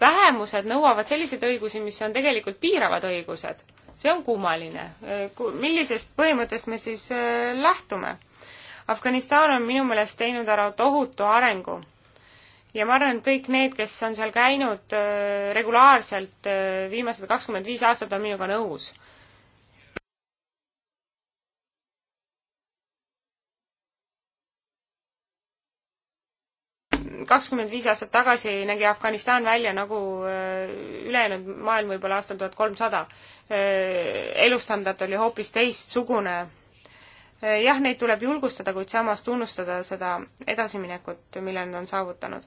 vähemused nõuavad selliseid õigusi, mis on tegelikult piiravad õigused? see on kummaline. Äh, millisest põhimõttest me siis äh, lähtume? Afganistan on minu meelest teinud ära tohutu arengu ja ma arvan, et kõik need, kes on seal käinud äh, regulaarselt äh, viimased kakskümmend viis aastat, on minuga nõus kakskümmend viis aastat tagasi nägi Afganistan välja nagu äh, ülejäänud maailm võib-olla aastal tuhat kolmsada. elustandard oli hoopis teistsugune Eh, jah, neid tuleb julgustada, kuid samas tunnustada seda edasiminekut, mille nad on saavutanud.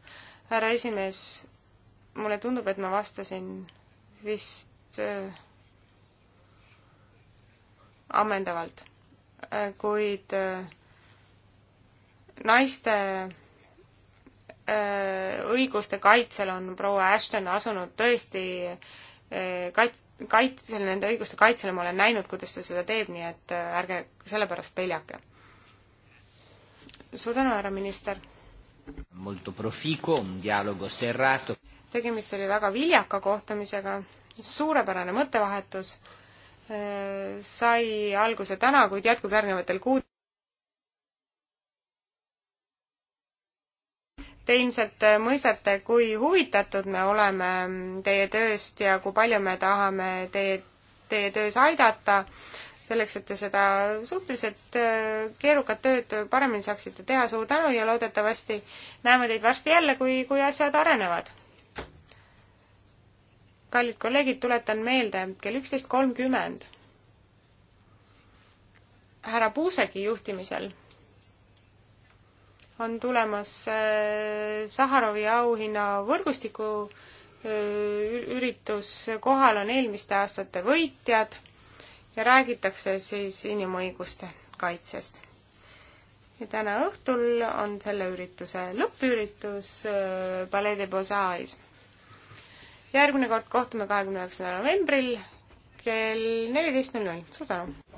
härra esimees, mulle tundub, et ma vastasin vist äh, ammendavalt äh,, kuid äh, naiste õiguste kaitsel on proua Ashton asunud tõesti kait-, kaitsel, nende õiguste kaitsel ma olen näinud, kuidas ta seda teeb, nii et äh, ärge sellepärast peljake. suur tänu, härra minister! tegemist oli väga viljaka kohtumisega, suurepärane mõttevahetus äh, sai alguse täna, kuid jätkub järgnevatel kuudel. Te ilmselt äh, mõistate, kui huvitatud me oleme mm, teie tööst ja kui palju me tahame teie, teie töös aidata, selleks, et te seda suhteliselt äh, keerukat tööd paremini saaksite teha. suur tänu ja loodetavasti näeme teid varsti jälle, kui, kui asjad arenevad. kallid kolleegid, tuletan meelde, kell üksteist kolmkümmend härra Puusegi juhtimisel on tulemas äh, Saharovi auhinna võrgustiku äh, üritus, kohal on eelmiste aastate võitjad ja räägitakse siis inimõiguste kaitsest. ja täna õhtul on selle ürituse lõppüritus äh, Palais de Beaux-Arts. järgmine kord kohtume kahekümne üheksandal novembril kell neliteist null null. suur tänu!